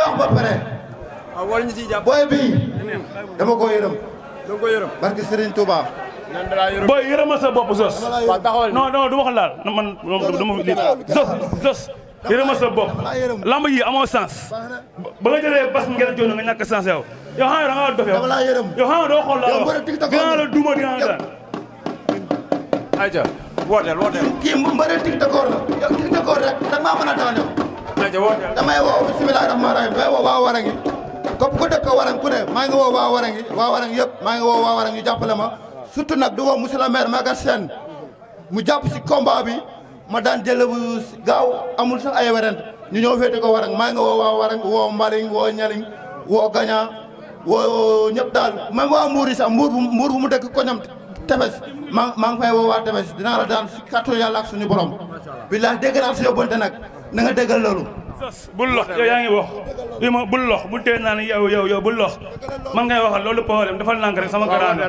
wax que ah, sa bopp sos. waaw taxawal non non du ma ko laal man dama. sos sos. yërëmal sa bopp lamb yi amoo sens ba nga jëlee bas ngeen joon nga ñàkk sens yow yow xam nga da yow yow xam nga doo xool la wax dinaa la duuma dinaa la daan ayca wooteel wooteel kii mbëri tik d'accord la yow tik d'accord rek da maa mën a daane ayca wooteel damay woo bismillahi rahmaani rahiim damay woo waa warangi kopp ko dëkk warangi ku ne maa ngi woo waa warangi waa warangi yëpp maa ngi woo waa warangi ñu jàppale ma surtout nag du woo monsieur le maire Maguette mu jàpp si combat bi ma daan jël bu gaaw amul sax ay werante ñu ñëw féete ko warang maa ngi woo waa warang woo mbariñ woo ñariñ woo gaña woo ñëpp daal maa ngi waa mbuur yi sax mbuur bu mu dëkk koñam tefes maa maa ngi fay woo waa tefes dinaa la daan si kàttu yàlla ak suñu borom billahi dégg si yóbbante nag na nga déggal loolu sos lox yow yaa ngi wax i ma bul lox bul tee naan yow yow yow bul lox man ngay waxal loolu problème dafal nànk rek sama garaane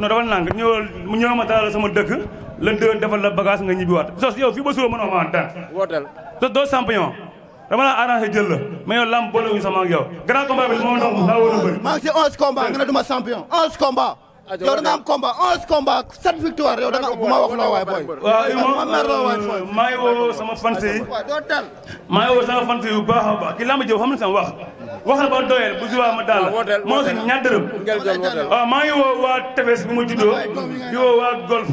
non dafal nànk ñëw ñëw ma sama dëkk le deux la bagage nga ñibbi waat sos yow fii ba suba mënoo ma daan wooteel doo champion dama la arrangé jël la mais yow lamb boolewuñu sama ak yow grand combat bi li maa si onze combat nga duma champion onze combat yow da nga am combat 11 combat 7 victoire yow wax loo waay booy. waaw mer loo waay maa ngi woo sama fans yi maa ngi woo sama fans yi bu baax a baax kii laa ma jëw na sama wax waxal ba doyel bu subaa ma daal moo si ñaar dërëm waaw maa ngi woo waa tefes bi ma juddoo di woo waa golf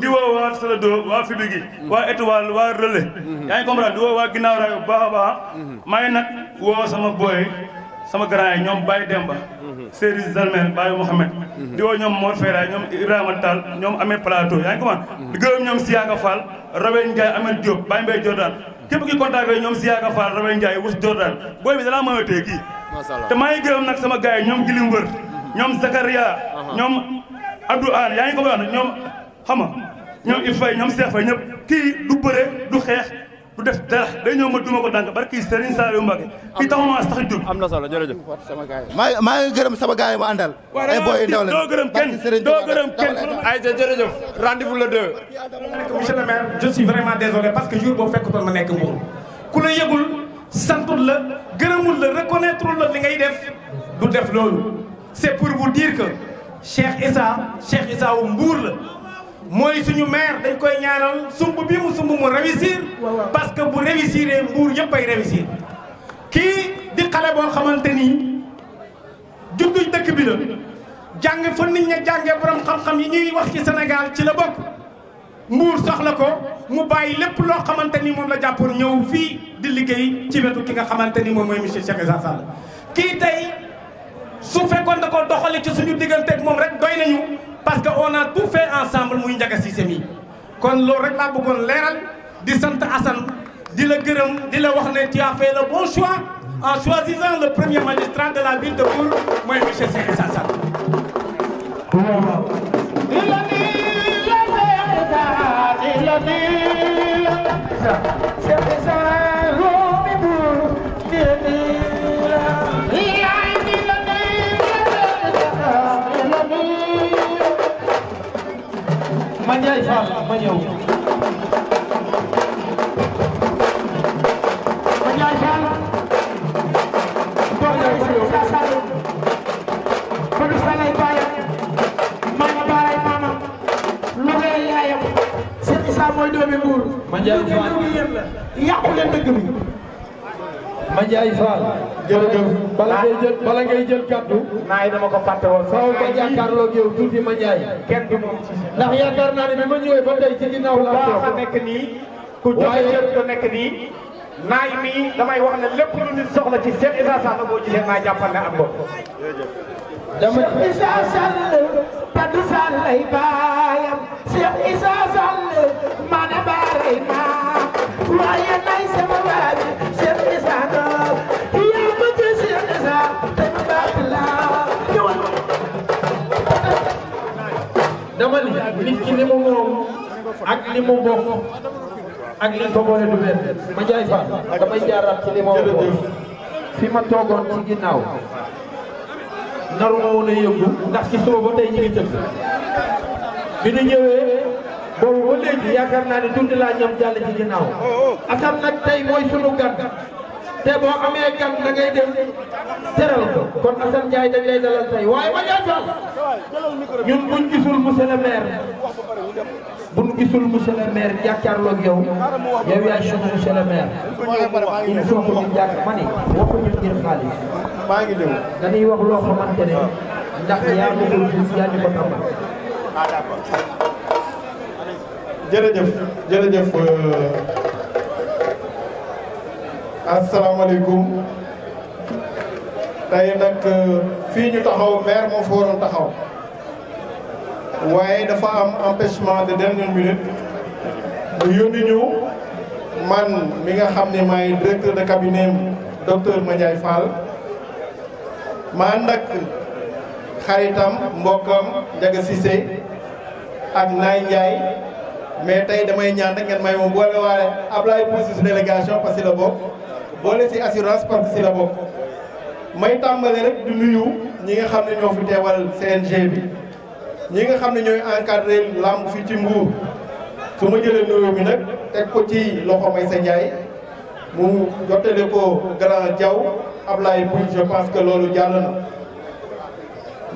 di woo waa Salado waa Fibigi waa étoile waa relais mhm. yaa ngi comprendre di woo waa ginnaaw raay bu baax a mhm. woo sama booy sama grand yi ñoom Baye Serigne Zalmel Baye Mouhamed di woo ñoom Mor Feeraay ñoom Ibrahima Tall ñoom Amé Plateau yaa ngi ko man di gërëm ñoom Siyaaka Fall Robert Ndiaye Amel Diop Baye Mbaye Jordan képp ki contacté ñoom Siyaaka Fall Robert Ndiaye Wus Jordan booy bi dalaa mën a tee kii te maa ngi sama gars yi ñoom Gilim Wër ñoom Zakaria yaa ngi ko wax ñoom xama ñoom Ifay ñoom Seex Fay ñëpp kii du bëre du xeex du def dara day ñëw ma duma ko dànk barki Serigne Saliou Mbacke kii taxuma sax jub am na solo jërëjëf maa maa ngi gërëm sama gaay yi ma àndal ay boy ndaw la doo gërëm kenn doo gërëm kenn ay ja jërëjëf rendez-vous le 2 monsieur le maire je suis vraiment parce que jour boobu fekkutoon ma nekk Mbour ku la yëgul santul la gërëmul la reconnaître la li ngay def du def loolu c'est pour vous dire que Cheikh Issa Cheikh Issa wu Mbour la mooy suñu maire dañ koy ñaanal sumb bi mu sumb mu réussir parce que bu réussir mbuur yëpp ay réussir kii di xale boo xamante nii juddu dëkk bi la jàng fa nit ña jàngee borom xam-xam yi ñuy wax ci Sénégal ci la bokk mbuur soxla ko mu bàyyi lépp loo xamante ni moom la jàppoon ñëw fii di liggéey ci wetu ki nga xamante ni moom mooy monsieur Cheikh Issa Sall kii tey su fekkoon da ko doxale ci suñu digganteeg moom rek doy nañu parce que on a tout fait ensemble muy Ndiaga Cissé mi kon loolu rek laa bëggoon leeral di sant Assane di la gërëm di la wax ne tu as fait le bon choix en choisissant le premier magistrat de la ville de Mbour mooy monsieur Cheikh Issa Sall Ndiaye Fall ma ñëw ma Ndiaye Fall boo ñëw ma ñëw saa saa bëgg sa lay baayam maa ngi baay maamam lu ngay yaayam sëñ Issa mooy doomi Mbuur ma Ndiaye Fall yàqu leen dëgg bi ma Ndiaye Fall jërëjëf bala ngay jël bala jël kàddu. naay dama ko fàtte woon. faaw nga jàkkaarloo ak yow tuuti ma Ndiaye. kenn du moom ci ndax yaakaar naa ne bi ma ba tey ci ginnaaw la. baax a nekk nii. ku joxe jël ko nekk nii. naay mii damay wax ne lépp lu nit soxla ci Cheikh Issa Sall boo gisee naa jàppal ne am ko. dama Cheikh Issa Sall kaddu Sall lay naa. waaye nay sama waay. nit ki li mu moom ak li mu bokk ak li ko boole du benn ma fa damay jaaraat ci li ma ma toogoon ci ginnaaw naru ma woon a yëngu ndax ci suba ba tey ñu ngi tëgg bi ñu ñëwee boobu ba yaakaar naa ne tuuti laa ñam jàll ci ginnaaw asam nag tey mooy sunu gan te boo amee gan da ngay dem teral ko kon Assane Ndiaye dañ lay dalal tey waaye ma jaajëfal ñun buñ gisul monsieur le maire gisul monsieur le maire jàkkaarloog yow yaay chef monsieur le maire il faut que ñu jàkk waxuñu ngir xaalis maa ngi déglu dañuy wax loo xamante asalaamaaleykum tey nag euh, fii ñu taxaw maire moo fa waroon taxaw waaye dafa am empêchement de dernière minute mu yónni ñu man mi nga xam ne maay directeur de cabinet docteur Madiaye Fall ma ànd ak xaritam mbokkam Ndiaga Cissé ak Naay Ndiaye mais tey damay ñaan rek ngeen may moom boole waale Ablaye Pouy si délégation parce que la bokk boole si assurance parce si la bokk may tàmbale rek di nuyu ñi nga xam ne ñoo fi teewal CNG bi ñi nga xam ne ñooy encadré làmb fi ci Mbour su ma jëlee nuyoo bi nag teg ko ci loxo Maysa Ndiaye mu jottale ko grand Diaw Ablaye Bouy je pense que loolu jàll na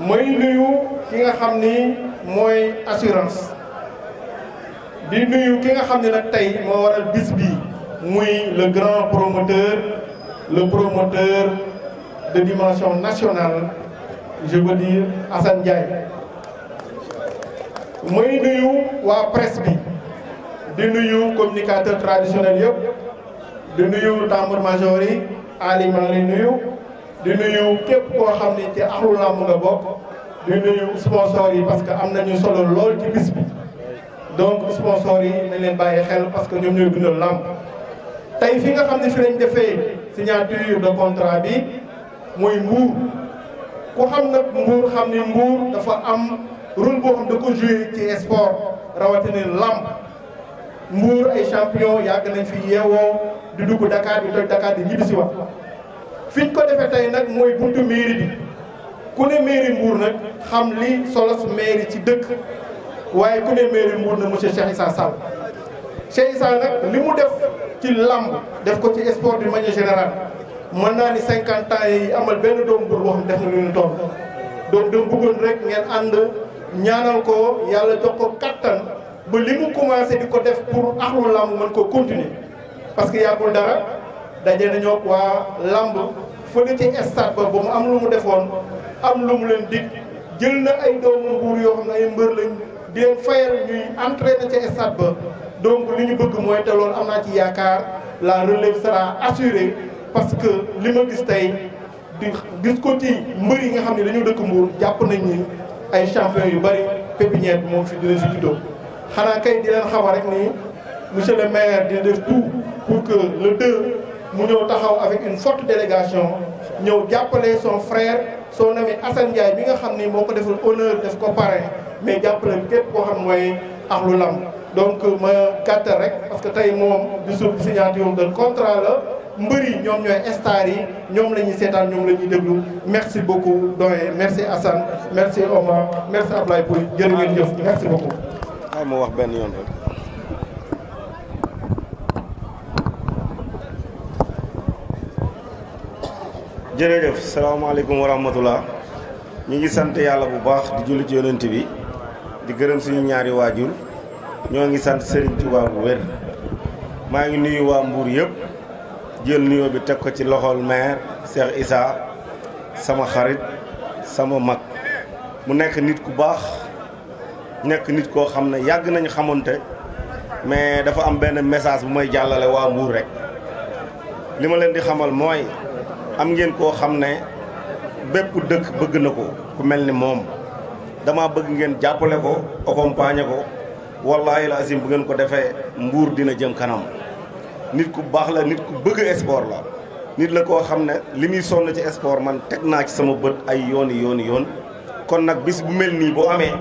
may nuyu ki nga xam ni mooy assurance di nuyu ki nga xam ne nag tey moo waral bis bii muy le grand promoteur le promoteur de dimension nationale je veux dire Assane muy nuyu waa presse bi di nuyu communicateur traditionnel yëpp di nuyu tambour major yi Ali nuyu di nuyu képp koo xam ni ci axlu làmb nga bokk di nuyu sponsor yi parce que am nañu solo lool ci bis bi donc sponsor yi leen bàyyi xel parce que ñoom ñooy dundal làmb tey fi nga xam ne fi lañ defee signature de contrat bi mooy mbuur ku xam nag mbuur xam ni mbuur dafa am rôle boo xam da ko ci sport rawatina làmb mbuur ay champion yàgg nañ fi yeewoo di dugg Dakar di toj Dakar di ñibbi si wax fiñ ko defee tey nag mooy buntu mairie bi ku ne mairie mbuur nag xam li solos mairie ci dëkk waaye ku ne mairie mbuur na monsieur Cheikh Issa Sall Cheikh Issa nag li mu def ci làmb def ko ci sport d'une manière générale mën naa ni cinquante ans yi amal benn doom buur boo xam def na lu ñu toll donc dama bëggoon rek ngeen ànd ñaanal ko yàlla jox ko kattan ba li mu commencé di ko def pour axlu làmb mën koo continuer parce que yàggul dara daje nañoo waa làmb fële ci stade ba ba mu am lu mu defoon am lu mu leen dig jël na ay doomu buur yoo xam ne ay mbër lañ di leen fayal ñuy entraîné ca stade ba donc li ñu bëgg mooy te loolu am naa ci yaakaar la relève sera assurée parce que li ma gis tey di gis ko ci mbër yi nga xam ne dañoo dëkk Mbour jàpp nañ ni ay champion yu bari pépinière moom fi dina di juddoo xanaa kay di leen xamal rek ni monsieur le maire dina def tout pour que le deux mu ñëw taxaw avec une forte délégation ñëw jàppale son frère soo ami Assane Ndiaye bi nga xam ni moo ko defal honneur def ko parrain mais jàppale képp koo xam mooy axlu lam donc ma rek parce que tey moom du suuf signature de contrat la mbër yi ñoom ñooy stars yi ñoom la ñuy seetaan merci beaucoup doyen merci Assane merci Omar merci Ablaye Pouy jërë ngeen jëf merci beaucoup. waaw benn yoon rek. salaamaaleykum wa rahmatullah ñu ngi sant yàlla bu baax di julli ci bi. di gërëm suñu ñaari waajur ñoo ngi sant Serigne Touba wér maa ngi nuyu waa Mbour yëpp jël nuyoo bi teg ko ci loxol maire Cheikh Issa sama xarit sama mag mu nekk nit ku baax nekk nit koo xam ne yàgg nañu xamante mais dafa am benn message bu may jàllale waa mbuur rek li ma leen di xamal mooy am ngeen koo xam ne bépp dëkk bëgg na ko ku mel ni moom dama bëgg ngeen jàppale ko accompagner ko wallaahi la asim bu ngeen ko defee mbuur dina jëm kanam nit ku baax la nit ku bëgg sport la nit la koo xam ne li muy sonn ci sport man teg naa ci sama bët ay yooni yooni yoon kon nag bis bu mel nii bu amee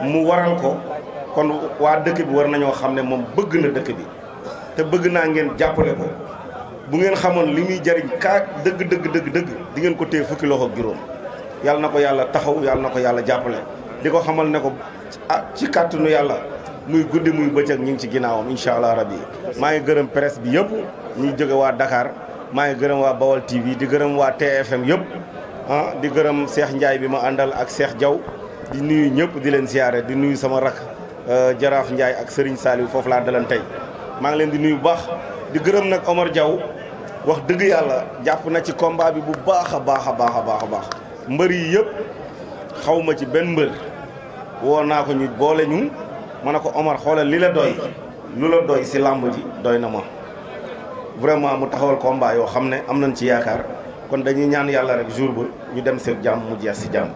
mu waral ko kon waa dëkk bi war nañoo xam ne moom bëgg na dëkk bi te bëgg naa ngeen jàppale ko bu ngeen xamoon li muy jariñ kaak dëgg dëgg dëgg dëgg di ngeen ko téye fukki loxo ak juróom yàlla na ko yàlla taxaw yàlla na ko yàlla jàppale di ko xamal ne ko ah ci kàttanu yàlla muy guddi muy bëccëg ñu ngi ci ginnaawam incha allah yi maa ngi gërëm presse bi yëpp ñuy jóge waa Dakar maa ngi gërëm waa Bawal TV di gërëm waa TFM yëpp ah di gërëm Cheikh Ndiaye bi ma àndal ak seex Diaw di nuyu ñëpp di leen siyaare di nuyu sama rak euh, Jaraaf Ndiaye ak Serigne saali foofu laa dalan tey maa ngi leen di nuyu bu baax di gërëm nag Omar Diaw wax dëgg yàlla jàpp na ci combat bi bu baax a baax a baax a baax a baax mbër yi yëpp xaw ci benn mbër woo naa ko ñu boole ñu ma ne ko Omar xoolal li la doy lu la doy si làmb ji doy na ma vraiment mu taxawal combat yoo xam ne am nañ ci yaakaar kon dañuy ñaan yàlla rek jour ba ñu dem si jàmm mu jeex si jàmm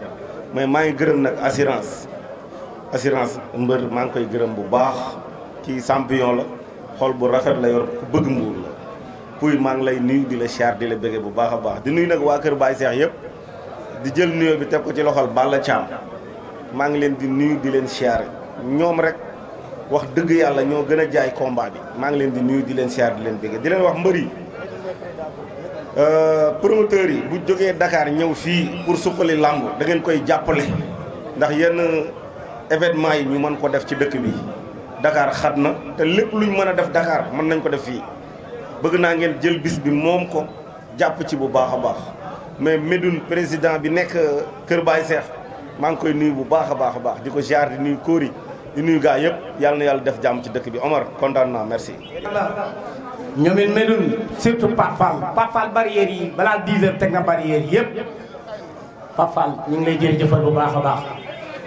mais maa ngi gërëm nag assurance assurance mbër maa ngi koy gërëm bu baax ci champion la xol bu rafet la yor ku bëgg mbuur la puy maa ngi lay nuyu di la char di la bëggee bu baax a baax di nuy nag waa kër Baye Seex yëpp di jël nuyoo bi teg ci loxol Balla Thiam maa ngi leen di nuyu di leen siyaare ñoom rek wax dëgg yàlla ñoo gën a jaay combat bi maa ngi leen di nuyu di leen siyaare di leen dégg di leen wax mbër yi euh, yi bu jógee dakaar ñëw fii pour suqali làmb da ngeen koy jàppale ndax yenn événement yi ñu mën ko def ci dëkk bi Dakar xat na te lépp luñ mën a def dakaar mën nañ ko def fii bëgg naa ngeen jël bis bi moom ko jàpp ci bu baax a baax mais Médoune président bi nekk euh, Kër baay Cheikh maa ngi koy nuyu bu baax a baax a baax di ko ziar di nuyu kóor di nuyu gaa yëpp yàlla na yàlla def jàmm ci dëkk bi Omar kontaan naa merci. ñoom it melul surtout Pafal Pafal barrière yi balaa 10 heures teg na barrière yëpp Pafal ñu ngi lay jërëjëfal bu baax a baax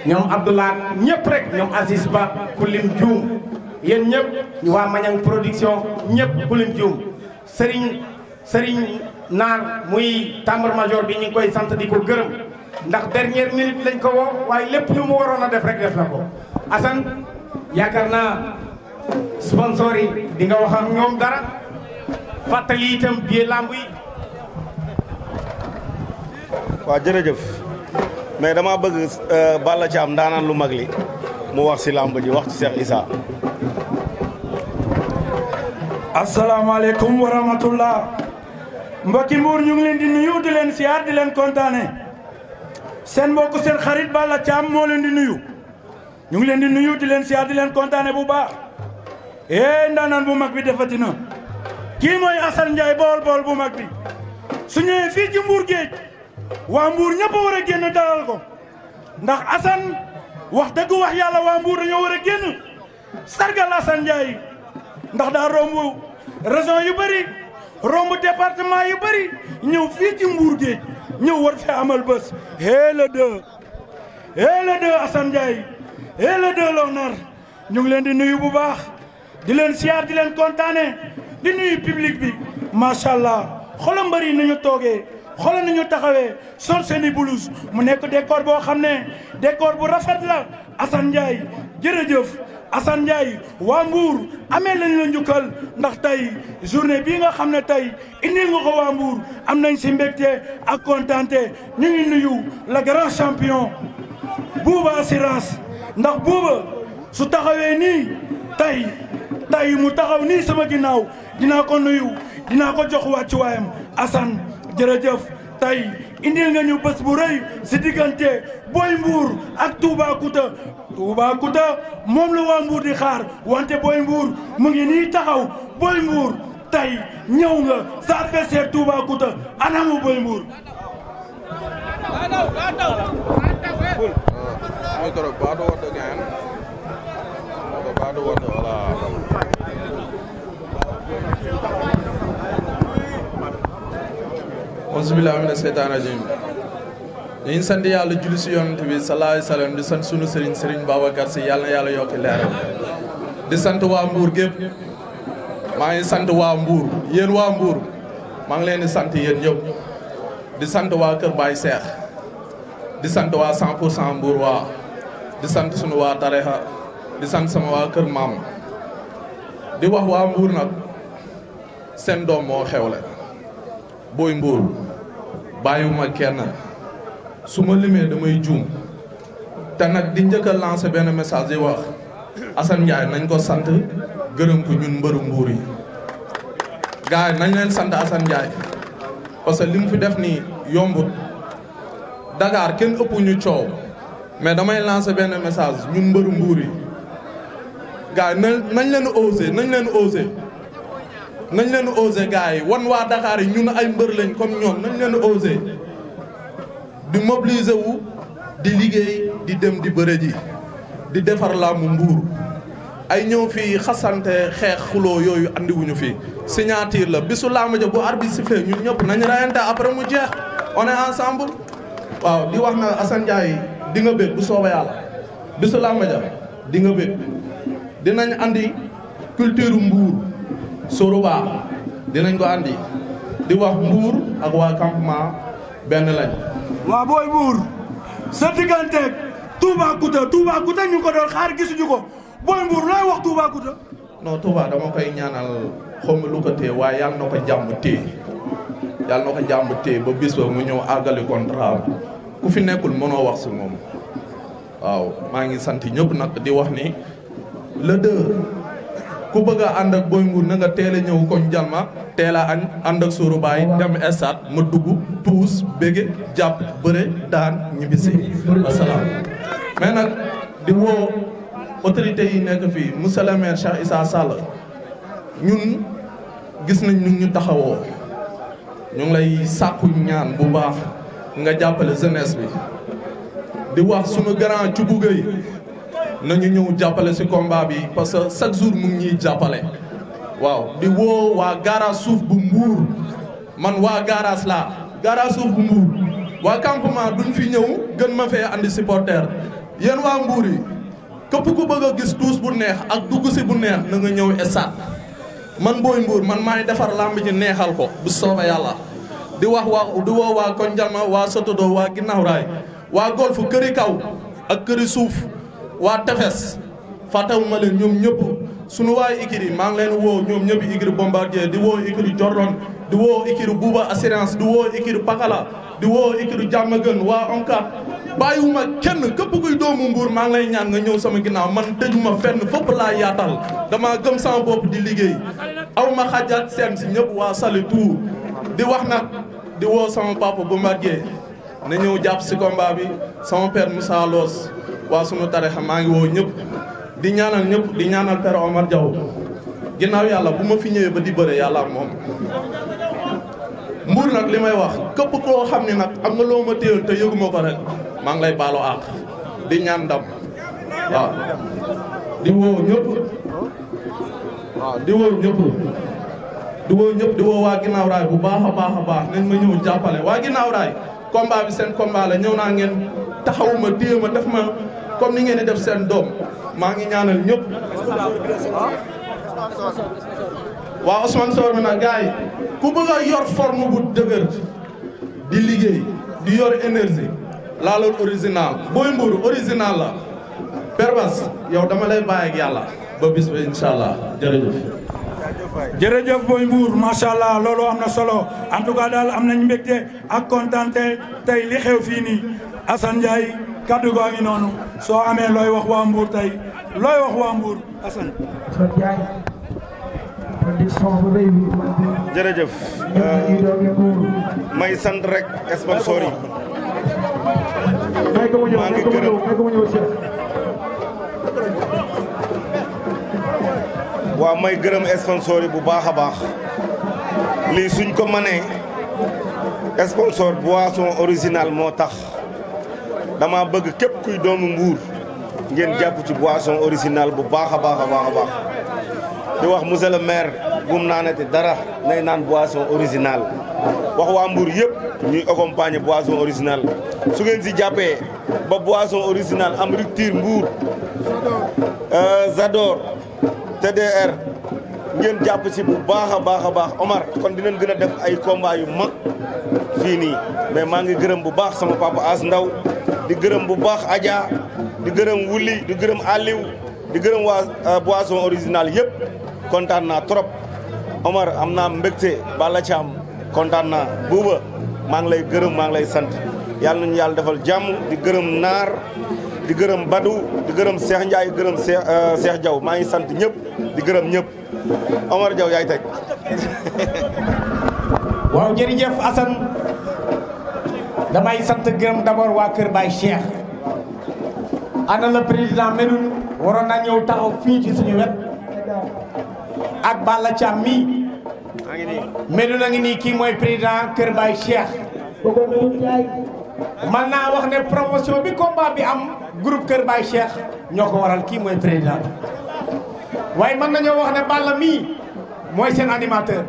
ñoom Abdoulaye ñëpp rek ñoom Aziz Ba ku lim juum yéen ñëpp waa Mañang production ñëpp ku lim juum Serigne Serigne Naar muy tambour major bi ñu koy sant di ko gërëm. ndax dernière minute lañ ko woo waaye lépp lu mu waroon a def rek def na ko Assane yaakaar naa sponsor yi di nga wax ak ñoom dara fàttali itam biir làmb yi. waaw jërëjëf mais dama bëgg euh, Balla Thiam ndaanaan lu mag li mu wax si làmb ji wax ci Cheikh Issa. asalaamaaleykum wa rahmatullah mbokki mbuur ñu ngi leen di nuyu di leen siyaar di leen kontaane. seen mbokk seen xarit Balla Thiam moo leen di nuyu ñu ngi leen di nuyu di leen siyaar di leen kontaane bu baax eh ndaanaan bu mag bi defati na kii mooy Assane Ndiaye bool bool bu mag bi su ñëwee fii ci Mbour géej waa mbuur ñëpp war a génn dalal ko ndax Assane wax dëgg wax yàlla waa Mbour dañoo war a génn sargal Assane Ndiaye ndax daa romb région yu bëri romb département yu bari ñëw fii ci mbuur géej. ñëw war fee amal bés hee le deux hee le deux Assane Ndiaye ñu ngi leen di nuyu bu baax di leen siyaar di leen kontaane di nuyu public bi macha allah xoolal mbër yi nañu toogee xoolal ñu taxawee sol seeni mu nekk décor boo xam ne décor bu rafet la Assane Ndiaye jërëjëf Assane Ndiaye waa Mbour amee nañ la njukkal ndax tay journée bii nga xam ne tey indil nga ko waa Mbour am nañ si mbégte ak kontaante ñu ngi nuyu le grand champion Bouba Assurance ndax Bouba su taxawee nii tey tey mu taxaw nii sama ginnaaw dinaa ko nuyu dinaa ko jox wàccuwaayam Assane jërëjëf tey indil nga ñu bés bu rëy si diggante Boy Mbour ak Toubacouta Toubacouta moom la waa Mbour di xaar wante Boy Mbour mu ngi nii taxaw Boy Mbour tey ñëw nga sa adversaire Toubacouta anamu Boy Mbour. voilà. auzubillah mina seytaan rajim dañuy sant yàlla julli si yonent bi sallallahu alayhi wasallam di sant sunu sëriñ sëriñ Babacar si yàlla yàlla yokki leeram di sant waa Mbour gépp maa ngi sant waa mbuur yéen waa mbuur maa ngi leen di sant yéen ñëpp di sant waa Kër Baye Cheikh di sant waa 100 pour cent Mbour waa di sant sunu waa Tarexa di sant sama waa Kër Maam di wax waa Mbour nag seen doom moo xewle. booy ngóor bàyyiwuma kenn su ma limee damay juum te nag di njëkk a lancé benn message di wax Assane nañ ko sant gërëm ko ñun mbëru mbuur yi gars nañ leen sant Assane Ndiaye parce que li fi def nii yombut Dakar kenn ëpp ñu coow mais damay lancé benn message ñun mbëru mbuur yi gars yi nañ leen osé nañ leen osé nañ leen ose gars yi wan waa Dakar yi ñun ay mbër lañ comme ñoom nañ leen osé di mobiliser wu di liggéey di dem di bëre ji di defar làmbu mbuur ay ñëw fi xasante xeex xuloo yooyu andiwuñu fii signature la bisu làmb ja bu arbitre sifflé ñun ñëpp nañ rayante après mu jeex on ensemble waaw di wax na Assane Ndiaye di nga bëgg bu soobee yàlla bisu làmb ja di bëgg dinañ andi culture mbuur Sorouba dinañ ko àndi di wax mbuur ak waa campement benn lañ. waa booy mbuur sa digganteeg Toubacouta Toubacouta ñu ko doon xaar gisuñu ko booy mbuur looy wax Toubacouta. noo Touba dama koy ñaanal xaw ma lu ko téye waaye yàlla na ko jàmm téye yàlla na ko jàmm téye ba bis ba mu ñëw àggali contrat ku fi nekkul mënoo wax si moom waaw maa ngi sant ñëpp nag di wax ni le deux. ku bëgg a ànd ak Boy Nguur na nga teel a ñëw koñ Jalma teel a ànd ak suuru baay dem estaat ma dugg tuus bége jàpp bëre daan ñibbisi wasalaam mais di woo autorité yi nekk fii monsieur le maire Cheikh Issa ñun gis nañ ñu ñu taxawoo ñu ngi lay sàkku ñaan bu baax nga jàppale jeunesse bi di wax sunu grand ci bugga yi nañu ñëw jàppale si combat bi parce que chaque jour mu ngi ñuy jàppale waaw di woo waa garage suuf bu mbuur man waa garage laa garage suuf bu mbuur waa campement duñ fi ñëw gën ma fee andi supporter yéen waa mbuur yi képp ku bëgg a gis tuus bu neex ak dugg si bu neex na nga ñëw esat man booy mbuur man maay defar làmb ji neexal ko bu soobee yàlla di wax waa di woo waa Kondiama waa Sotodo waa Ginnaaw Raay waa golfu këri kaw ak këri suuf waa Tefes fàttewuma leen ñoom ñëpp suñu waa Ikiri maa ngi leen woo ñoom ñëpp Ikiri Bombardier di woo Ikiri Jordan di woo Ikiri Bouba Assurance di woo Ikiri Pakala di woo Ikiri Diamaguène waa ONCAT bàyyiwuma kenn képp kuy doomu Mbour maa ngi lay ñaan nga ñëw sama ginaaw man tëjuma fenn fépp laa yaatal dama gëm sama bopp di liggéey aw ma xajaat seen si ñëpp waa sali tout di wax nag di woo sama papa Bombardier na ñëw jàpp si combat bi sama père Moussa Loos waa sunu tarixa maa ngi woo ñëpp di ñaanal ñëpp di ñaanal Père Omar Diaw ginnaaw yàlla bu ma fi ñëwee ba di bëre yàlla ak moom mbuur nag li may wax képp koo xam ne nag am nga loo ma téyel te yëguma ko rek maa ngi lay baalo àq di ñaan ndam waaw di woo ñëpp di woo ñëpp di woo ñëpp di woo waa ginnaaw raay bu baax a baax a baax nañ ma ñëw jàppale waa ginnaaw raay combat bi seen combat la ñëw naa ngeen taxawuma téye ma def ma comme ni ngeen def seen doom maa ngi ñaanal ñëpp. waaw Ousmane mi nag gars ku bëgg a yor forme bu dëgër di liggéey di yor énergie laalool original booy mbuur original la dama lay bàyyi ak yàlla ba bis ba incha allah jërëjëf. jërëjëf Boy loolu am na solo en tout cas daal am nañ mbégte ak tey li xew fii kaddu gaa ngi noonu soo amee looy wax waa Mbour tey looy wax waa Mbour Assane. jërëjëf may sant rek sponsor yi maa ngi gërëm waaw may gërëm sponsor yi bu baax a baax lii suñ ko mënee sponsor boisson original moo tax dama bëgg képp kuy doomu Mbuur ngeen jàpp ci boisson originale bu baax a baax a di wax monsieur le maire bum naanati dara nay naan boisson originale wax waa Mbuur yëpp ñuy accompagner boisson originale su ngeen si jàppee ba boisson originale am rupture Mbuur euh, Zador TDR ngeen jàpp ci bu baax a baax a baax Omar kon dinañ gën a def ay combat yu mag fii nii mais maa ngi gërëm bu baax sama papa As Ndaw di gërëm bu baax Adja di gërëm Wuli di gërëm Aliou di gërëm waa euh, boisson originale yëpp kontaan naa trop Omar am naa mbégte Balla Thiam kontaan naa Bouba maa ngi lay gërëm maa ngi lay sant yàlla nañu yàlla defal jàmm di gërëm naar di gërëm badu di gërëm Cheikh Ndiaye gërëm Cheikh euh, Cheikh Diaw maa ngi sant ñëpp di gërëm ñëpp Omar Diaw yaay teg waaw jërëjëf Assane damay sant gërëm d'abord waa Kër Baye Cheikh ana la président Medoune waroon naa ñëw taxaw fii ci suñu wet ak Balla Thiam mii Medoune a ngi nii kii mooy président Kër Baye Cheikh man naa wax ne promotion bi combat bi am groupe Kër Baye Cheikh ñoo ko waral kii mooy président waaye mën nañoo wax ne Balla mii mooy seen animateur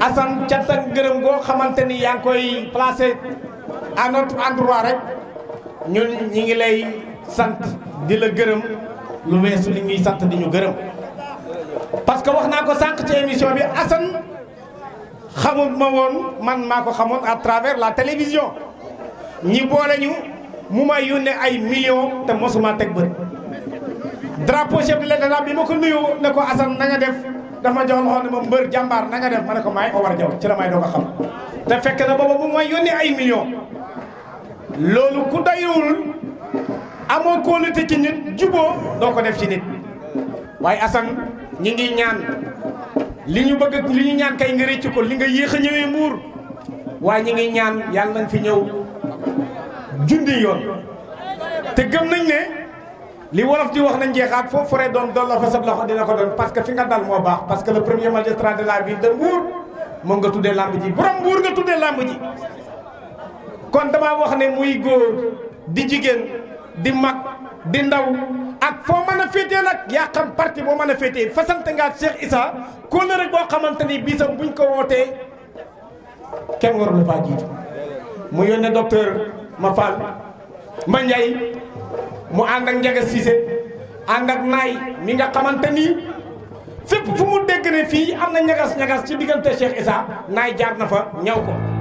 Assane cant ak ngërëm goo xamante ni yaa ngi koy placé à notre rek ñu ñi ngi lay sant di la gërëm lu weesu li ñuy sant di ñu gërëm parce que wax naa ko sànq ci émission bi Assane xamul ma woon man maa ko xamoon à travers la télévision ñi boole ñu mu may yónnee ay millions te mosuma teg bët drapeau chef de l'État bi ma ko nuyoo ne ko Assane na def. daf ma joxoon waxoon ne ma mbër na nga def ma ne ko maay Omar Diaw ci la may doo ko xam te fekk na booba bu may yónnee ay millions loolu ku dayuwul amoo kóolute ci nit juboo doo ko def ci nit waaye Assane ñi ngi ñaan li ñu bëgg li ñu ñaan kay nga rëcc ko li nga yéex a ñëwee mbuur waaye ñi ngi ñaan yàlla nañ fi ñëw jundi yoon te gëm nañ ne li wolof di wax na njeexaat foo foree doon doon la fa sab loxo dina ko doon parce que fi nga dal moo baax parce que le premier magistrat de la ville de Mbour moom nga tuddee làmb ji borom Mbour nga tuddee làmb ji kon dama wax ne muy góor di jigéen di mag di ndaw ak foo mën a féetee nag yaa xam parti boo mën a féetee fasante ngaa Cheikh Issa kóol rek boo xamante ni bisam buñ ko wootee kenn warul faa jiitu mu yónnee docteur Mafal Mbanjay mu ànd ak Njaga Siise ànd ak naay mi nga xamante ni fépp fu mu dégg ne fii am na ñagas ñagas ci diggante Cheikh Issa naay jaar na fa ñaw ko